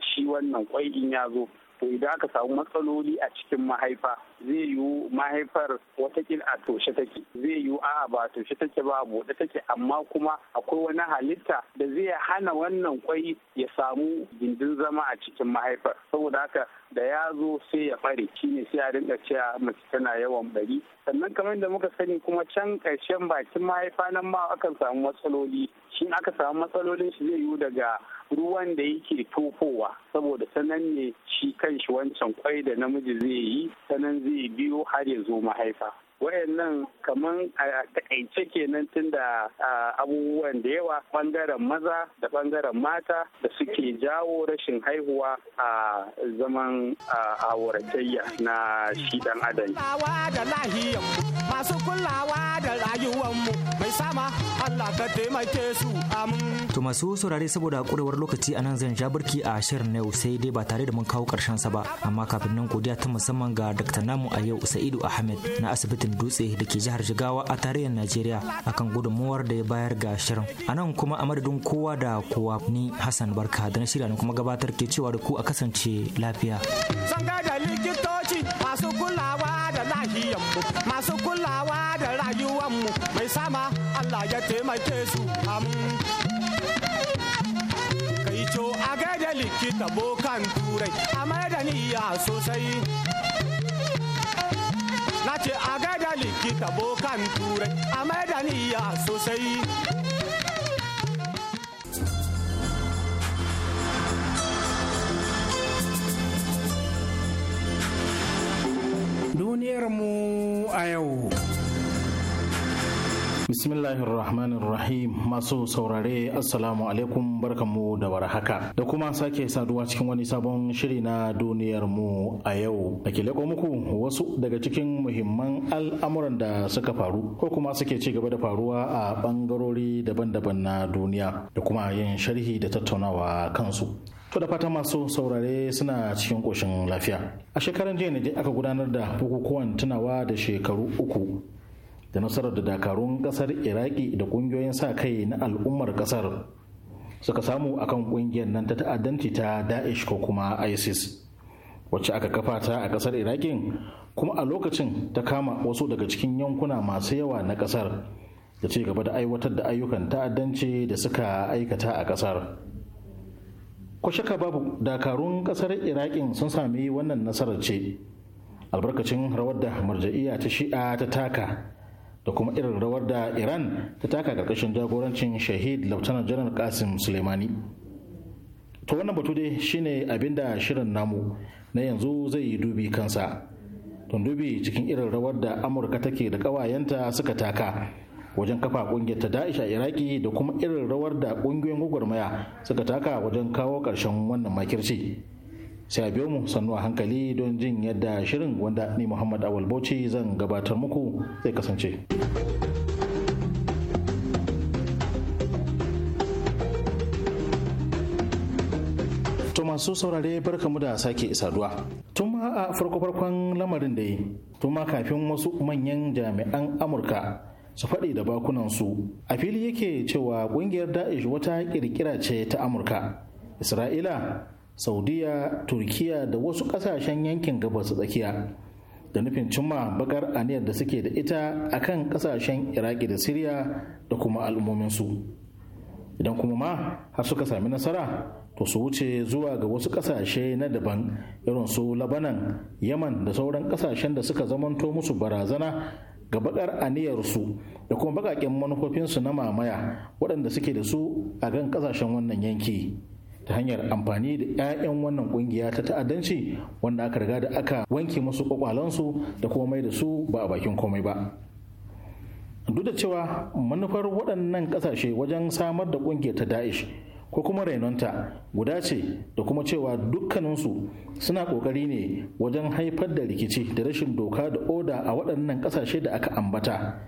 shi wannan kwai in ya zo to idan aka samu matsaloli a cikin mahaifa zai yiwu mahaifar watakila a toshe take zai yiwu a ba toshe take ba buɗe take amma kuma akwai wani halitta da zai hana wannan kwai ya samu gindin zama a cikin mahaifar saboda haka da ya zo sai ya fare shine sai a dinga cewa mace tana yawan bari sannan kamar da muka sani kuma can ƙarshen bakin mahaifa nan ma akan samu matsaloli shi aka samu matsalolin shi zai yiwu daga ruwan da yake tofowa saboda sanan ne shi kan shi wancan kwai da namiji zai yi sanan zai biyo har ya zo mahaifa wayannan kaman a takaice kenan tunda abubuwan da yawa bangaren maza da bangaren mata da suke jawo rashin haihuwa a zaman auratayya na shi dan adam masu kulawa da mu mai sama Allah ka taimake su to masu saurare saboda kurewar lokaci anan zan ja birki a shirin na yau sai dai ba tare da mun kawo karshen sa ba amma kafin nan godiya ta musamman ga Dr. Namu a yau Sa'idu Ahmed na asibitin asibitin dutse da ke jihar jigawa a tarayyar najeriya akan gudunmuwar da ya bayar ga shirin a nan kuma a madadin kowa da kowa ni hassan barka da na shirya kuma gabatar ke cewa da ku a kasance lafiya zan likitoci masu kulawa da lahiyanmu masu kulawa da rayuwanmu mai sama allah ya taimake su kai co a gaida likita bokan turai a madaniya sosai na ce a gaida likita bokan turai a maida ya sosai mu a yau Bismillahirrahmanirrahim masu saurare assalamu alaikum barkanmu da warhaka da kuma sake saduwa cikin wani sabon shiri na duniyar mu a yau da ke leko muku wasu daga cikin muhimman al'amuran da suka faru ko kuma suke ci gaba da faruwa a bangarori daban-daban na duniya da kuma yin sharhi da tattaunawa kansu To da fata masu saurare suna cikin ƙoshin lafiya. A shekaran jiya ne dai aka gudanar da bukukuwan tunawa da shekaru uku da nasarar da dakarun kasar iraki da kungiyoyin sa kai na al'ummar kasar suka samu akan kungiyar nan ta ta'addanci ta daesh ko kuma isis wacce aka kafa ta a kasar irakin kuma a lokacin ta kama wasu daga cikin yankuna masu yawa na kasar da ci gaba da aiwatar da ayyukan ta'addanci da suka aikata a kasar ko shaka babu dakarun kasar irakin sun sami wannan nasarar ce albarkacin rawar da marja'iya ta shi'a ta taka da kuma irin rawar da iran ta taka karkashin jagorancin shahid lautanar janar kasim suleimani to wannan batu dai shine abinda shirin namu na yanzu zai yi dubi kansa don dubi cikin irin rawar da amurka take da kawayenta suka taka wajen kafa kungiyar ta da'ish a iraki da kuma irin rawar da kungiyoyin gwagwarmaya suka taka wajen kawo ƙarshen wannan makirci. sai a biyo mu sannu a hankali don jin yadda shirin wanda ni muhammad awal bauchi zan gabatar muku zai kasance to masu saurare barkamu da sake saduwa tun ma a farko-farkon lamarin da yi tun ma kafin wasu manyan jami'an amurka su faɗi da bakunansu a fili yake cewa ƙungiyar da'ish wata ƙirƙira ce ta amurka isra'ila saudiya turkiya da wasu kasashen yankin gabas tsakiya da nufin cimma bakar aniyar da suke da ita a kan kasashen iraki da siriya da kuma al'ummominsu idan kuma ma har suka sami nasara to su wuce zuwa ga wasu kasashe na daban irin su labanan yaman da sauran kasashen da suka zamanto musu barazana ga bakar aniyarsu da kuma bakaken manufofinsu na mamaya waɗanda suke da su a kan kasashen wannan yanki. ta hanyar amfani da 'ya'yan wannan ƙungiya ta ta'addanci wanda aka riga da aka wanke musu kwakwalansu da kuma mai da su ba a bakin komai ba duk da cewa manufar waɗannan ƙasashe wajen samar da ƙungiyar ta da'ish ko kuma rainonta guda ce da kuma cewa dukkaninsu suna ƙoƙari ne wajen haifar da rikici da rashin doka da oda a waɗannan ƙasashe da aka ambata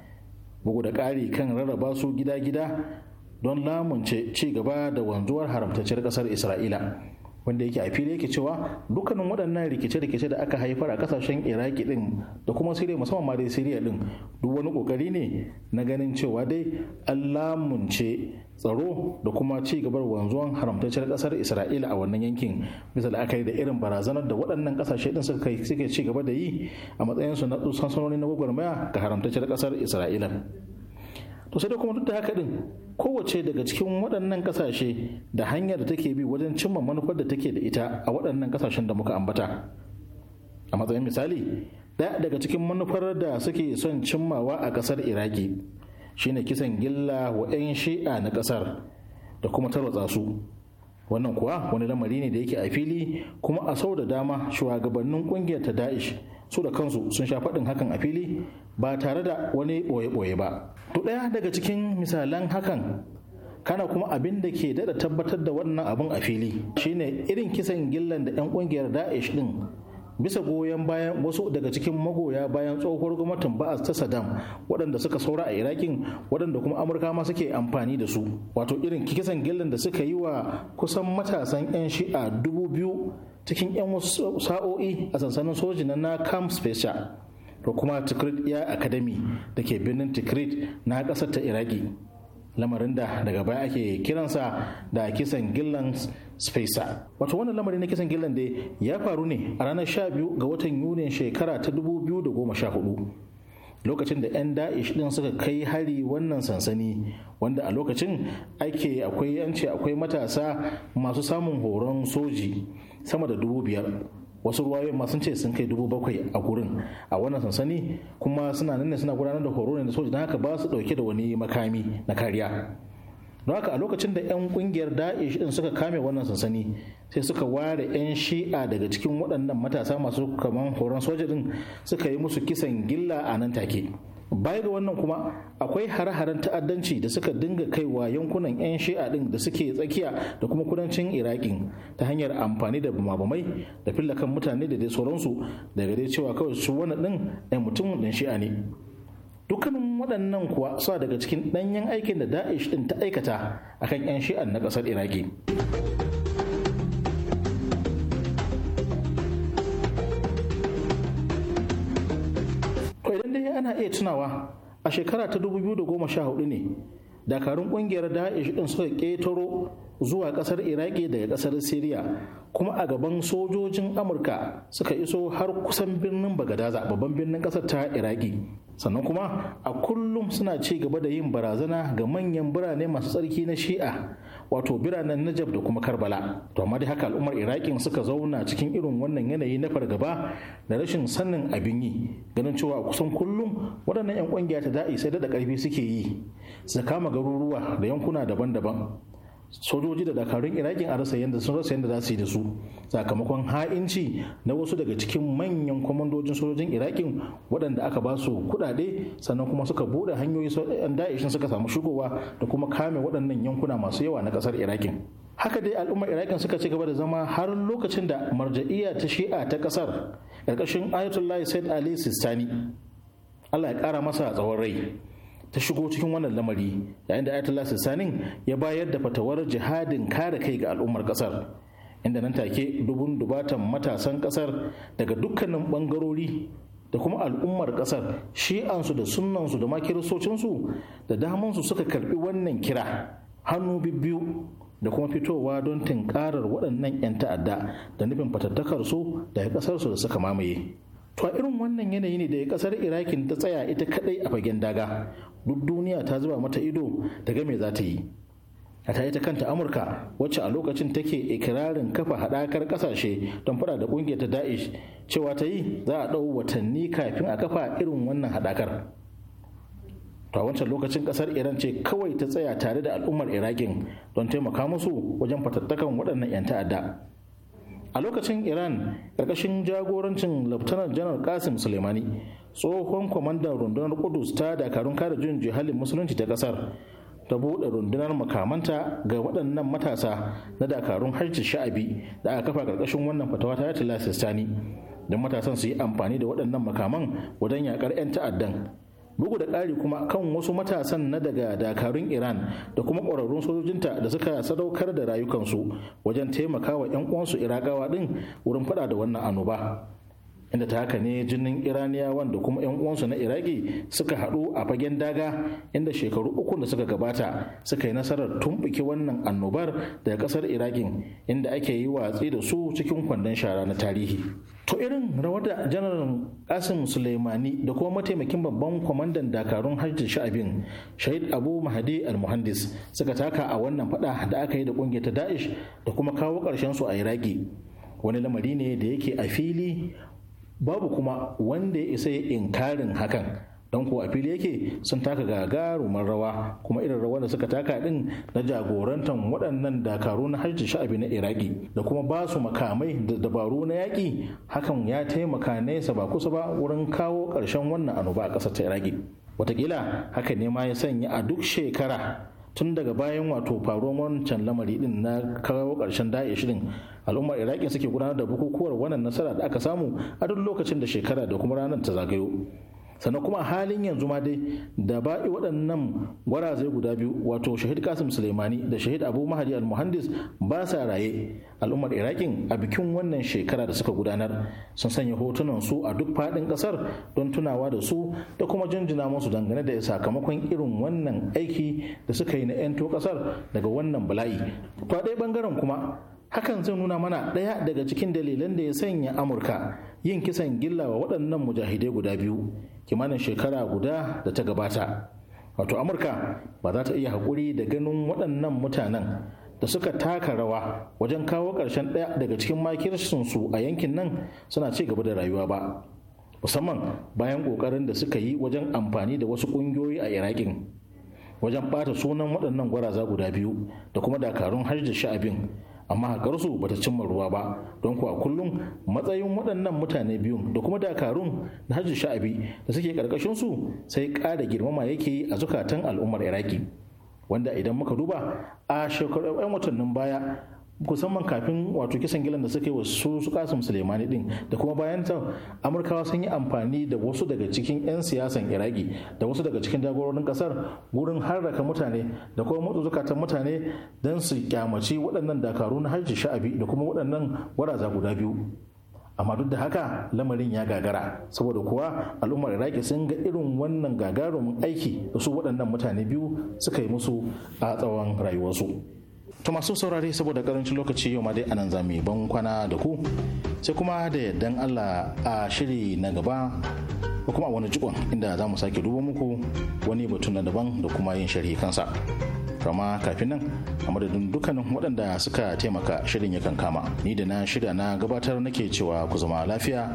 bugu da ƙari kan rarraba su gida-gida don lamunce ci gaba da wanzuwar haramtacciyar kasar isra'ila wanda yake a fili yake cewa dukkanin waɗannan rikice-rikice da aka haifar a kasashen iraki ɗin da kuma siriya musamman ma dai siriya din duk wani kokari ne na ganin cewa dai an lamunce tsaro da kuma ci gabar wanzuwan haramtacciyar kasar isra'ila a wannan yankin bisa da aka yi da irin barazanar da waɗannan kasashe din suka suke ci gaba da yi a matsayinsu na sansanoni na gwagwarmaya ga haramtacciyar kasar isra'ila to sai da kuma duk da haka din kowace daga cikin waɗannan ƙasashe da hanyar da take bi wajen cimma manufar da take da ita a waɗannan ƙasashen da muka ambata a matsayin misali ɗaya daga cikin manufar da suke son cimmawa a ƙasar iraki shine kisan gilla wa 'yan shi'a na ƙasar da kuma tarwatsa su wannan kuwa wani lamari ne da yake a fili kuma a sau da dama shugabannin ƙungiyar ta da'ish su da kansu sun sha faɗin hakan a fili ba tare da wani ɓoye-ɓoye ba to ɗaya daga cikin misalan hakan kana kuma abin da ke daɗa tabbatar da wannan abin a fili shine irin kisan gillan da 'yan ƙungiyar da'ish ɗin bisa goyon bayan wasu daga cikin magoya bayan tsohuwar gwamnatin ba'as ta Saddam waɗanda suka saura a Irakin waɗanda kuma Amurka ma suke amfani da su wato irin kisan gillan da suka yi wa kusan matasan 'yan shi'a dubu biyu cikin 'yan sa'o'i a sansanin soji na Camp Special da kuma tikrit ya academy da ke birnin tikrit na ƙasar ta iraki lamarin da daga baya ake kiransa da kisan gillan spacer wato wannan lamarin na kisan gillan dai ya faru ne a ranar sha biyu ga watan yunin shekara ta da goma sha hudu lokacin da 'yan da'ish din suka kai hari wannan sansani wanda a lokacin ake akwai yanci akwai matasa masu samun horon soji sama da dubu biyar wasu ruwayoyin ma sun ce sun kai dubu bakwai a gurin a wannan sansani kuma suna nan ne suna gudanar da horo ne da soja don haka ba su dauke da wani makami na kariya don haka a lokacin da 'yan kungiyar da'ish din suka kame wannan sansani sai suka ware 'yan shi'a daga cikin waɗannan matasa masu kaman horon soja din suka yi musu kisan gilla a nan take baya ga wannan kuma akwai hare-haren ta'addanci da suka dinga kaiwa yankunan 'yan shi'a din da suke tsakiya da kuma kudancin iraƙin ta hanyar amfani da bumabumai da fillakan mutane da dai sauransu daga dai cewa kawai su wani din ɗan mutum ɗan shi'a ne dukkanin waɗannan kuwa suna daga cikin ɗanyen aikin da da'ish ɗin ta aikata akan 'yan shi'a na ƙasar iraki ana iya tunawa a shekara ta 2014 ne dakarun kungiyar da'ish din suka ƙetaro zuwa kasar iraki daga kasar syria kuma a gaban sojojin amurka suka iso har kusan birnin bagadaza babban birnin kasar ta iraki sannan kuma a kullum suna ci gaba da yin barazana ga manyan birane masu tsarki na shi'a wato biranen najab da kuma karbala to amma dai haka al'ummar iraƙin suka zauna cikin irin wannan yanayi na fargaba da rashin sanin abin yi ganin cewa kusan kullum waɗannan 'yan ƙungiya ta da'i sai da karfi suke yi su kama garuruwa da yankuna daban-daban sojoji da dakarun irakin a rasa yadda sun rasa yadda za su yi da su sakamakon ha'inci na wasu daga cikin manyan kwamandojin sojojin irakin waɗanda aka ba su kuɗaɗe sannan kuma suka bude hanyoyi da'ishin suka samu shigowa da kuma kame waɗannan yankuna masu yawa na ƙasar irakin haka dai al'ummar irakin suka ci gaba da zama har lokacin da marja'iya ta shi'a ta ƙasar ƙarƙashin ayatollah said ali sistani allah ya ƙara masa tsawon rai ta shigo cikin wannan lamari yayin da ayatollah sassanin ya bayar da fatawar jihadin kare kai ga al'ummar kasar inda nan take dubun dubatan matasan kasar daga dukkanin bangarori da kuma al'ummar kasar shi'ansu da sunnansu da ma kiristocinsu da damansu suka karbi wannan kira hannu bibbiyu da kuma fitowa don tinkarar waɗannan 'yan ta'adda da nufin fatattakarsu daga ƙasarsu da suka mamaye. To a irin wannan yanayi ne da ƙasar Irakin ta tsaya ita kaɗai a fagen daga duk duniya ta zuba mata ido daga me za ta yi a ta yi ta kanta amurka wacce a lokacin take ikirarin kafa hadakar kasashe don fada da ƙungiyar ta da'ish cewa ta yi za a ɗau watanni kafin a kafa irin wannan hadakar. to a wancan lokacin kasar iran ce kawai ta tsaya tare da al'ummar irakin don taimaka musu wajen fatattakan waɗannan 'yan ta'adda a lokacin iran ƙarƙashin jagorancin laftanar janar kasim suleimani tsohon kwamandan rundunar kudus ta dakarun kare jin jihalin musulunci ta kasar ta buɗe rundunar makamanta ga waɗannan matasa na dakarun harshen sha'abi da aka kafa ƙarƙashin wannan fatawa ta yata lasistani don matasan su yi amfani da waɗannan makaman wajen yakar 'yan ta'addan bugu da ƙari kuma kan wasu matasan na daga dakarun iran da kuma ƙwararrun sojojinta da suka sadaukar da rayukansu wajen taimakawa 'yan uwansu irakawa ɗin wurin faɗa da wannan annoba inda ta haka ne jinin iraniyawan da kuma 'yan uwansu na iraki suka haɗu a fagen daga inda shekaru uku da suka gabata suka yi nasarar tumbuke wannan annobar daga ƙasar irakin inda ake yi watsi da su cikin kwandon shara na tarihi to irin rawar da janar kasim suleimani da kuma mataimakin babban kwamandan dakarun hajji sha'abin shahid abu mahadi almuhandis suka taka a wannan fada da aka yi da kungiyar ta da'ish da kuma kawo ƙarshen su a iraki wani lamari ne da yake a fili babu kuma wanda ya isa ya inkarin hakan don ko a fili yake sun taka gagarumar rawa kuma irin rawar da suka taka din na jagorantar waɗannan dakaru na hajji sha'abi na iraki da kuma ba su makamai da dabaru na yaƙi hakan ya taimaka nesa ba kusa ba wurin kawo ƙarshen wannan annoba a ƙasar ta iraki Wataƙila haka ne ma ya sanya a duk shekara tun daga bayan wato faruwar wancan lamari din na kawo karshen da'i shirin al'ummar iraki suke gudanar da bukukuwar wannan nasara da aka samu a duk lokacin da shekara da kuma ranar ta zagayo sannan kuma halin yanzu ma dai da ba'i waɗannan gwarazai guda biyu wato shahid kasim suleimani da shahid abu mahadi al-muhandis ba sa raye al'ummar irakin a bikin wannan shekara da suka gudanar sun sanya hotunan su a duk faɗin ƙasar don tunawa da su da kuma jinjina musu dangane da sakamakon irin wannan aiki da suka yi na 'yanto ƙasar daga wannan bala'i to a ɗaya ɓangaren kuma hakan zai nuna mana ɗaya daga cikin dalilan da ya sanya amurka yin kisan gilla wa waɗannan mujahidai guda biyu kimanin shekara guda da ta gabata wato amurka ba za ta iya haƙuri da ganin waɗannan mutanen da suka taka rawa wajen kawo ƙarshen ɗaya daga cikin makirsunsu a yankin nan suna ci gaba da rayuwa ba musamman bayan ƙoƙarin da suka yi wajen amfani da wasu ƙungiyoyi a iraƙin wajen ɓata sunan waɗannan gwaraza guda biyu da kuma dakarun hajj da sha'abin amma hakarsu bata cimma ruwa ba don kuwa kullum matsayin waɗannan mutane biyu da kuma dakarun na hajji sha'abi da suke su sai ƙara girmama yake yi a zukatan al'ummar iraki wanda idan muka duba a shekaru 'yan watannin baya kusamman kafin wato kisan gilan da suka yi wa su su kasim sulemani din da kuma bayan ta amurkawa sun yi amfani da wasu daga cikin 'yan siyasan iraki da wasu daga cikin jagororin kasar wurin harraka mutane da kuma motsa zukatan mutane don su kyamaci waɗannan dakaru na hajji sha'abi da kuma waɗannan waraza guda biyu amma duk da haka lamarin ya gagara saboda kuwa al'ummar iraki sun ga irin wannan gagarumin aiki da su waɗannan mutane biyu suka yi musu a tsawon rayuwarsu. to masu saurare saboda karancin lokaci yau ma dai anan zami ban kwana da ku sai kuma da yardan allah a shiri na gaba ko kuma wani jikon inda za mu sake duba muku wani batun na daban da kuma yin sharhi kansa kama kafin nan a madadin dukkanin waɗanda suka taimaka shirin yakan kama ni da na shirya na gabatar nake cewa ku zama lafiya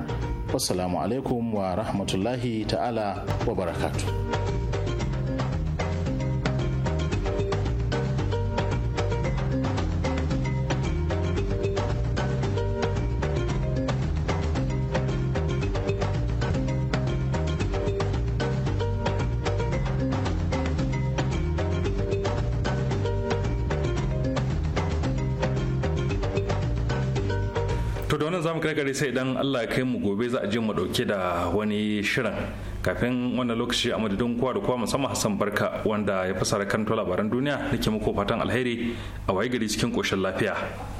wassalamu alaikum wa rahmatullahi ta'ala wa barakatu. karkare sai idan Allah ya kai mu gobe za a je mu dauke da wani shirin kafin wannan lokaci a madadin kowa da kowa musamman Hassan Barka wanda ya fasara kanto labaran duniya nake muku fatan alheri a waye gari cikin koshin lafiya.